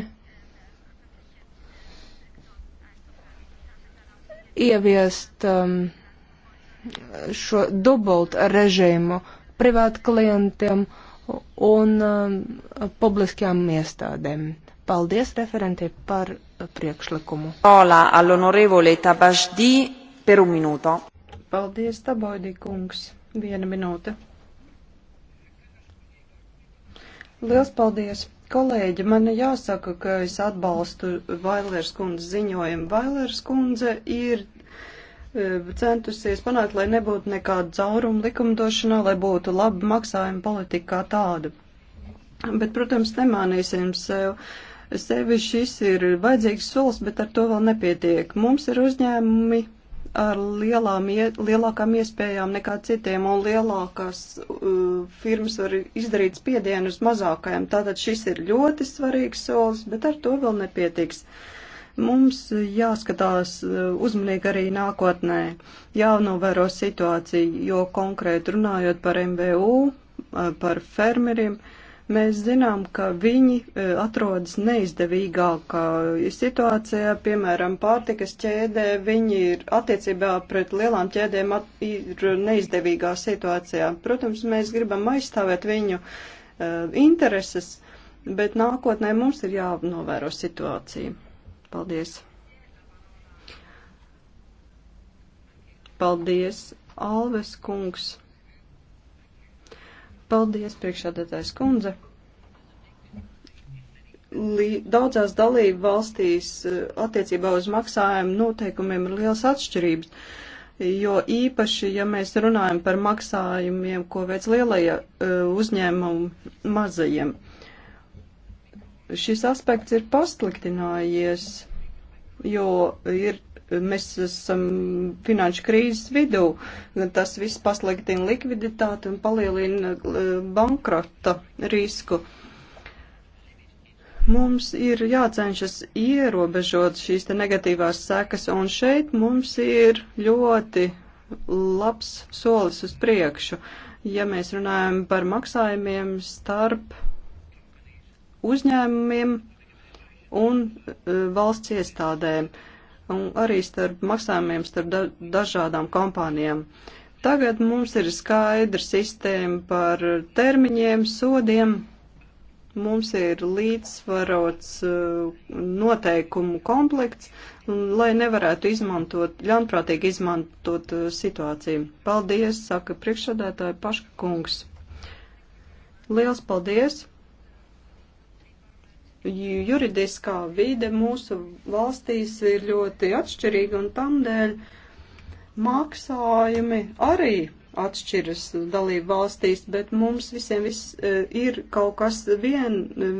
ieviest um, šo dubult režīmu privātu klientiem un um, publiskajām iestādēm. Paldies referentiem par priekšlikumu. Paldies, Tabaidī kungs. Viena minūte. Liels paldies! Kolēģi, man jāsaka, ka es atbalstu Vailers kundzes ziņojumu. Vailers kundze ir e, centusies panākt, lai nebūtu nekāda cauruma likumdošanā, lai būtu laba maksājuma politika kā tāda. Bet, protams, nemānīsim sev Sevi šis ir vajadzīgs solis, bet ar to vēl nepietiek. Mums ir uzņēmumi ar lielām, lielākām iespējām nekā citiem, un lielākās uh, firmas var izdarīt spiedienu uz mazākajām. Tātad šis ir ļoti svarīgs solis, bet ar to vēl nepietiks. Mums jāskatās uh, uzmanīgi arī nākotnē, jānovēro situāciju, jo konkrēti runājot par MVU, uh, par fermeriem, uh, Mēs zinām, ka viņi e, atrodas neizdevīgākā situācijā, piemēram, pārtikas ķēdē. Viņi ir attiecībā pret lielām ķēdēm at, ir neizdevīgā situācijā. Protams, mēs gribam aizstāvēt viņu uh, intereses, bet nākotnē mums ir jānovēro situācija. Paldies! Paldies, Alves kungs! Paldies, priekšādātājs kundze. Daudzās dalību valstīs eh, attiecībā uz maksājumu noteikumiem ir liels atšķirības, jo īpaši, ja mēs runājam par maksājumiem, ko veids lielajie eh, uzņēmumi mazajiem šis aspekts ir pasliktinājies, jo ir Mēs esam finanšu krīzes vidū. Tas viss pasliktina likviditāti un palielina eh, bankrota risku. Mums ir jācenšas ierobežot šīs te negatīvās sekas, un šeit mums ir ļoti labs solis uz priekšu. Ja mēs runājam par maksājumiem starp uzņēmumiem un eh, valsts iestādēm. Uh, un arī starp maksājumiem starp dažādām kompānijām. Tagad mums ir skaidra sistēma par termiņiem, sodiem. Mums ir līdzsvarots uh, noteikumu komplekts, lai nevarētu izmantot, ļaunprātīgi izmantot uh, situāciju. Paldies, saka priekšsādātāja Paška kungs. Liels paldies! juridiskā vide mūsu valstīs ir ļoti atšķirīga un tamdēļ maksājumi arī atšķiras dalību valstīs, bet mums visiem vis, e, ir kaut kas vien e,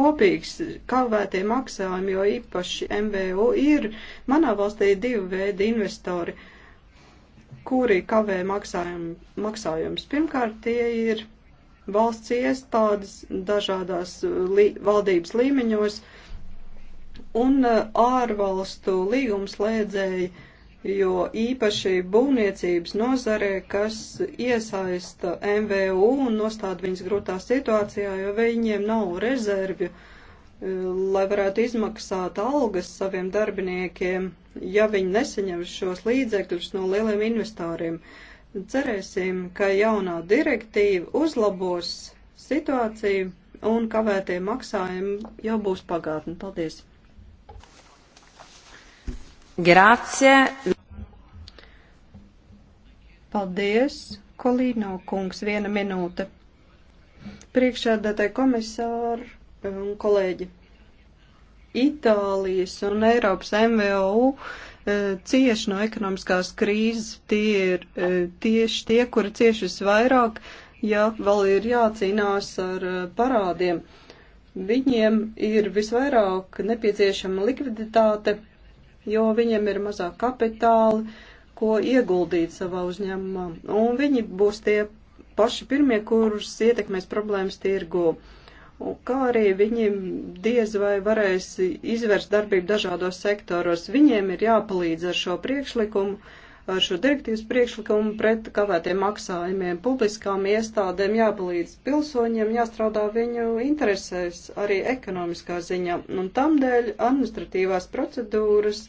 kopīgs kavētie maksājumi, jo īpaši MVU ir manā valstī divi veidi investori, kuri kavē maksājum, maksājums. Pirmkārt, tie ir valsts iestādes dažādās lī, valdības līmeņos un uh, ārvalstu līgumslēdzēji, jo īpaši būvniecības nozarē, kas iesaista MVU un nostāda viņas grūtā situācijā, jo viņiem nav rezervju, uh, lai varētu izmaksāt algas saviem darbiniekiem, ja viņi nesaņem šos līdzekļus no lieliem investāriem. Uh, Cerēsim, ka jaunā direktīva uzlabos situāciju un kavētie maksājumi jau būs pagātne. Paldies! Grācie! Paldies, Kolīno kungs, viena minūte. Priekšādātai komisāri un kolēģi. Itālijas un Eiropas MVU E, cieš no ekonomiskās krīzes, tie ir e, tieši tie, kuri cieš visvairāk, ja vēl ir jācīnās ar e, parādiem. Viņiem ir visvairāk nepieciešama likviditāte, jo viņiem ir mazāk kapitāla, ko ieguldīt savā uzņēmumā. Un viņi būs tie paši pirmie, kurus ietekmēs problēmas tirgu. Uh, un kā arī viņi diez vai varēs izvērst darbību dažādos sektoros. Viņiem ir jāpalīdz ar šo priekšlikumu, ar šo direktīvas priekšlikumu pret kavētiem maksājumiem. Publiskām iestādēm jāpalīdz pilsoņiem, jāstrādā viņu interesēs arī ekonomiskā ziņā, un tamdēļ administratīvās procedūras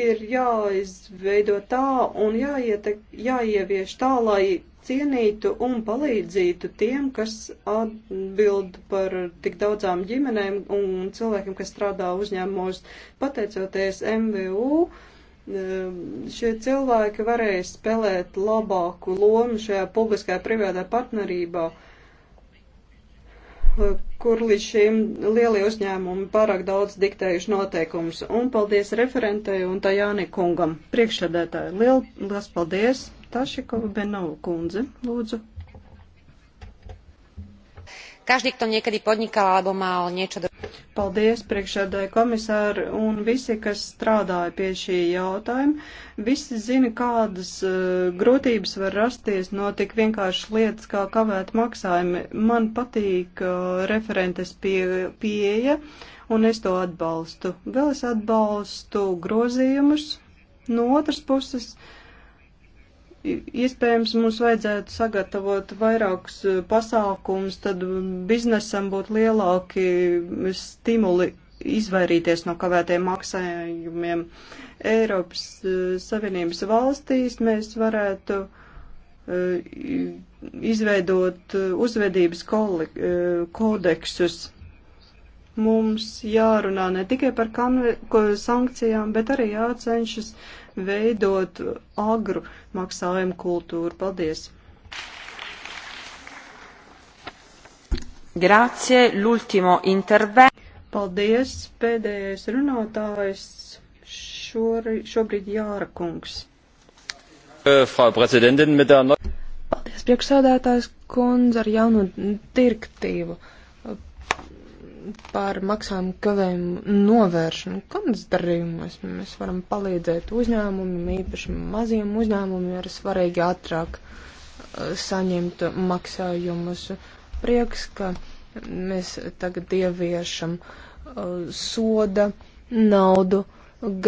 ir jāizveido tā un jāietek, jāievieš tā, lai cienītu un palīdzītu tiem, kas atbild par tik daudzām ģimenēm un cilvēkiem, kas strādā uzņēmumos. Pateicoties MVU, eh, šie cilvēki varēja spēlēt labāku lomu šajā publiskajā privātā partnerībā, eh, kur līdz šim lielie uzņēmumi pārāk daudz diktējuši noteikumus. Un paldies referentei un Tajāni kungam, priekšsēdētāji. Liels paldies! Tašikova Benova kundze, lūdzu. Každý, kto niekedy podnikal alebo mal niečo do... Paldies, priekšēdāji komisāri un visi, kas strādāja pie šī jautājuma. Visi zina, kādas uh, grūtības var rasties no tik vienkāršas lietas kā kavēt maksājumi. Man patīk uh, referentes pie, pieeja un es to atbalstu. Vēl es atbalstu grozījumus no otras puses. Uh, Iespējams, mums vajadzētu sagatavot vairākus eh, pasākums, tad biznesam būtu lielāki stimuli izvairīties no kavētiem maksājumiem. Eiropas eh, Savienības valstīs mēs varētu eh, izveidot uzvedības kodeksus. Mums jārunā ne tikai par sankcijām, bet arī jācenšas uh, veidot agru maksājumu kultūru. Paldies! Grazie, l'ultimo intervento. Paldies, pēdējais runātājs šori, šobrīd Jāra kungs. Äh, Frau Präsidentin, mit der Paldies, priekšsēdētājs kundze ar jaunu direktīvu. Uh, par maksājumu kavējumu novēršanu. Kādas darījumus mēs varam palīdzēt uzņēmumiem, īpaši maziem uzņēmumiem, ir svarīgi ātrāk eh, saņemt maksājumus. Prieks, ka mēs tagad ieviešam eh, soda naudu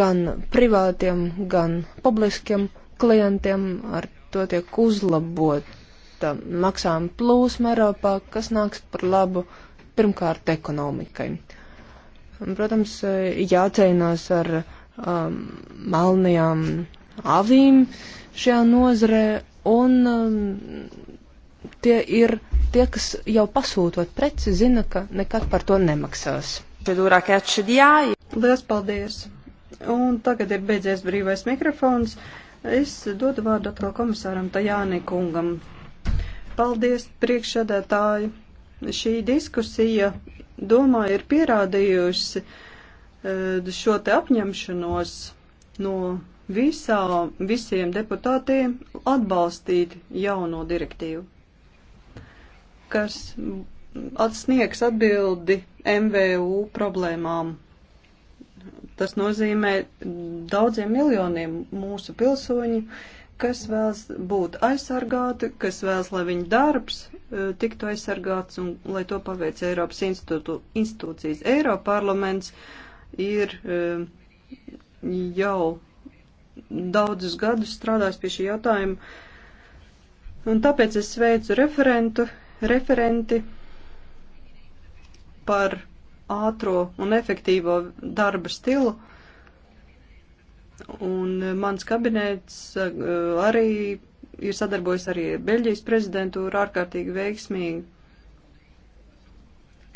gan privātiem, gan publiskiem klientiem. Ar to tiek uzlabota maksājuma plūsma Eiropā, kas nāks par labu pirmkārt ekonomikai. Protams, jācīnās ar um, melnajām avīm šajā nozarē, un um, tie ir tie, kas jau pasūtot preci, zina, ka nekad par to nemaksās. Lielas paldies! Un tagad ir beidzies brīvais mikrofons. Es dodu vārdu atkal komisāram Tajānī kungam. Paldies, priekšsēdētāji! Šī diskusija, domāju, ir pierādījusi e, šo te apņemšanos no visā, visiem deputātiem atbalstīt jauno direktīvu, kas atsniegs atbildi MVU problēmām. Tas nozīmē daudziem miljoniem mūsu pilsoņu, kas vēlas būt aizsargāti, kas vēlas, lai viņa darbs e, tiktu aizsargāts un lai to paveic Eiropas institūtu, institūcijas. Eiroparlaments ir e, jau daudzus gadus strādājis pie šī jautājuma, un tāpēc es sveicu referentu, referenti par ātro un efektīvo darba stilu. Uh, Un eh, mans kabinets eh, arī ir sadarbojas arī Beļģijas prezidentūra ārkārtīgi veiksmīgi.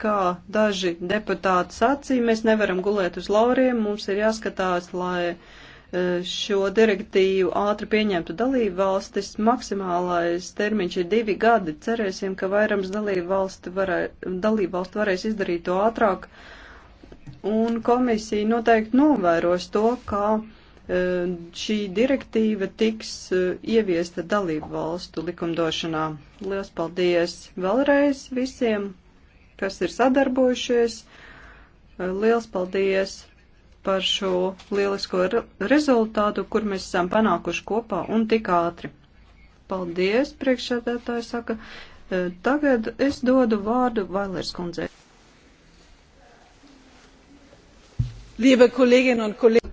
Kā daži deputāti sacīja, mēs nevaram gulēt uz lauriem, mums ir jāskatās, lai eh, šo direktīvu ātri pieņemtu dalību valstis. Maksimālais termiņš ir divi gadi. Cerēsim, ka vairums dalību valstu varē, valstu varēs izdarīt to ātrāk. Un komisija noteikti novēros to, kā ka Ehm, šī direktīva tiks eh, ieviesta dalību valstu likumdošanā. Lielas paldies vēlreiz visiem, kas ir sadarbojušies. Ehm, Lielas paldies par šo lielisko re rezultātu, kur mēs esam panākuši kopā un tik ātri. Paldies, priekšsēdētāji saka. Ehm, tagad es dodu vārdu Vailers kundzei. Liebe Kolleginnen und Kollegen,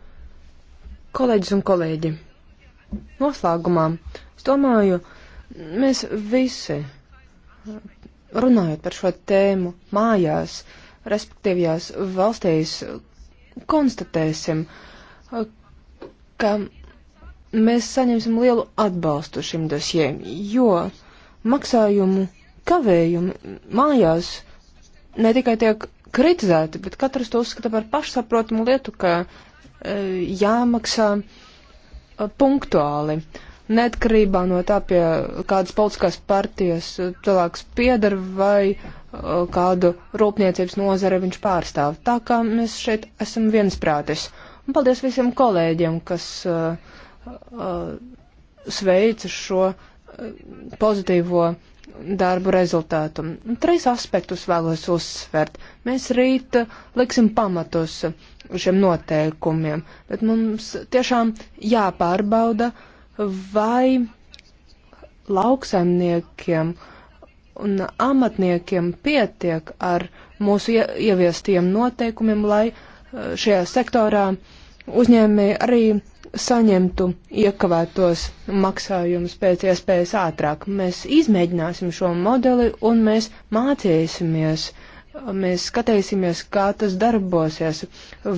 Kolēģis un kolēģi, noslēgumā es domāju, mēs visi runājot par šo tēmu mājās, respektīvajās valstīs, konstatēsim, ka mēs saņemsim lielu atbalstu šim dosiem, jo maksājumu kavējumi mājās ne tikai tiek kritizēti, bet katrs to uzskata par pašsaprotamu lietu, ka Eh, jāmaksā eh, punktuāli. Neatkarībā no tā, pie kādas politiskās partijas eh, cilvēks piedar vai kādu rūpniecības nozare viņš pārstāv. Tā kā mēs šeit esam viensprātis. Un paldies visiem kolēģiem, kas uh, uh, sveica šo uh, pozitīvo darbu rezultātu. Trīs aspektus vēlos uzsvert. Mēs rīt liksim pamatus šiem noteikumiem, bet mums tiešām jāpārbauda, vai lauksaimniekiem un amatniekiem pietiek ar mūsu ieviestiem noteikumiem, lai eh, šajā sektorā uh, uzņēmēji arī saņemtu iekavētos maksājumus pēc iespējas ātrāk. Mēs izmēģināsim šo modeli un mēs mācīsimies, mēs skatīsimies, kā tas darbosies,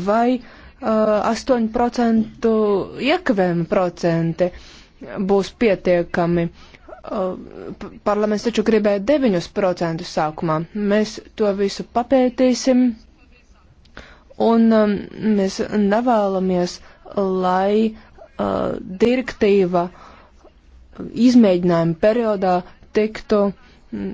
vai uh, 8% iekavējuma procenti būs pietiekami. Uh, parlaments taču gribēja 9% sākumā. Mēs to visu papētīsim Un um, mēs nevēlamies, lai uh, direktīva izmēģinājuma periodā tiktu mm,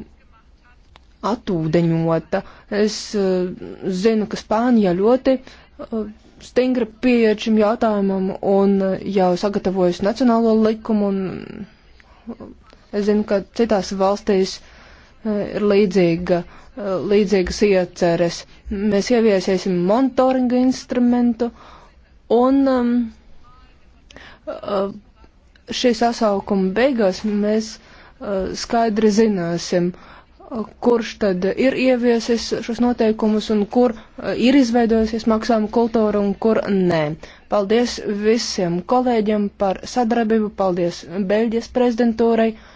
atūdeņota. Es uh, zinu, ka Spānija ļoti uh, stingri pieeja šim jautājumam un uh, jau sagatavojusi nacionālo likumu. Un, uh, es zinu, ka citās valstīs uh, ir līdzīga uh, līdzīgas ieceres. Mēs ieviesiesim monitoringa instrumentu un um, uh, šī sasaukuma beigās mēs uh, skaidri zināsim, uh, kurš tad ir ieviesis šos noteikumus un kur uh, ir izveidojusies maksājuma kultūra un kur nē. Paldies visiem kolēģiem par sadarbību, paldies Beļģijas prezidentūrai. Uh,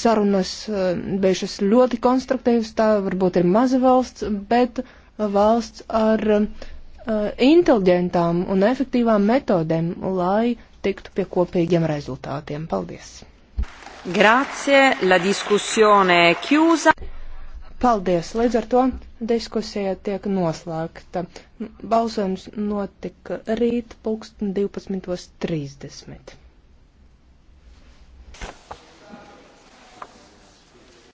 Sarunas eh, bijušas ļoti konstruktīvas, tā varbūt ir maza valsts, bet valsts ar uh, inteliģentām un efektīvām metodēm, lai tiktu pie kopīgiem rezultātiem. Paldies! Grazie, la diskusione chiusa. Paldies, līdz ar to diskusija tiek noslēgta. Balsojums notika rīt pulksten 12.30.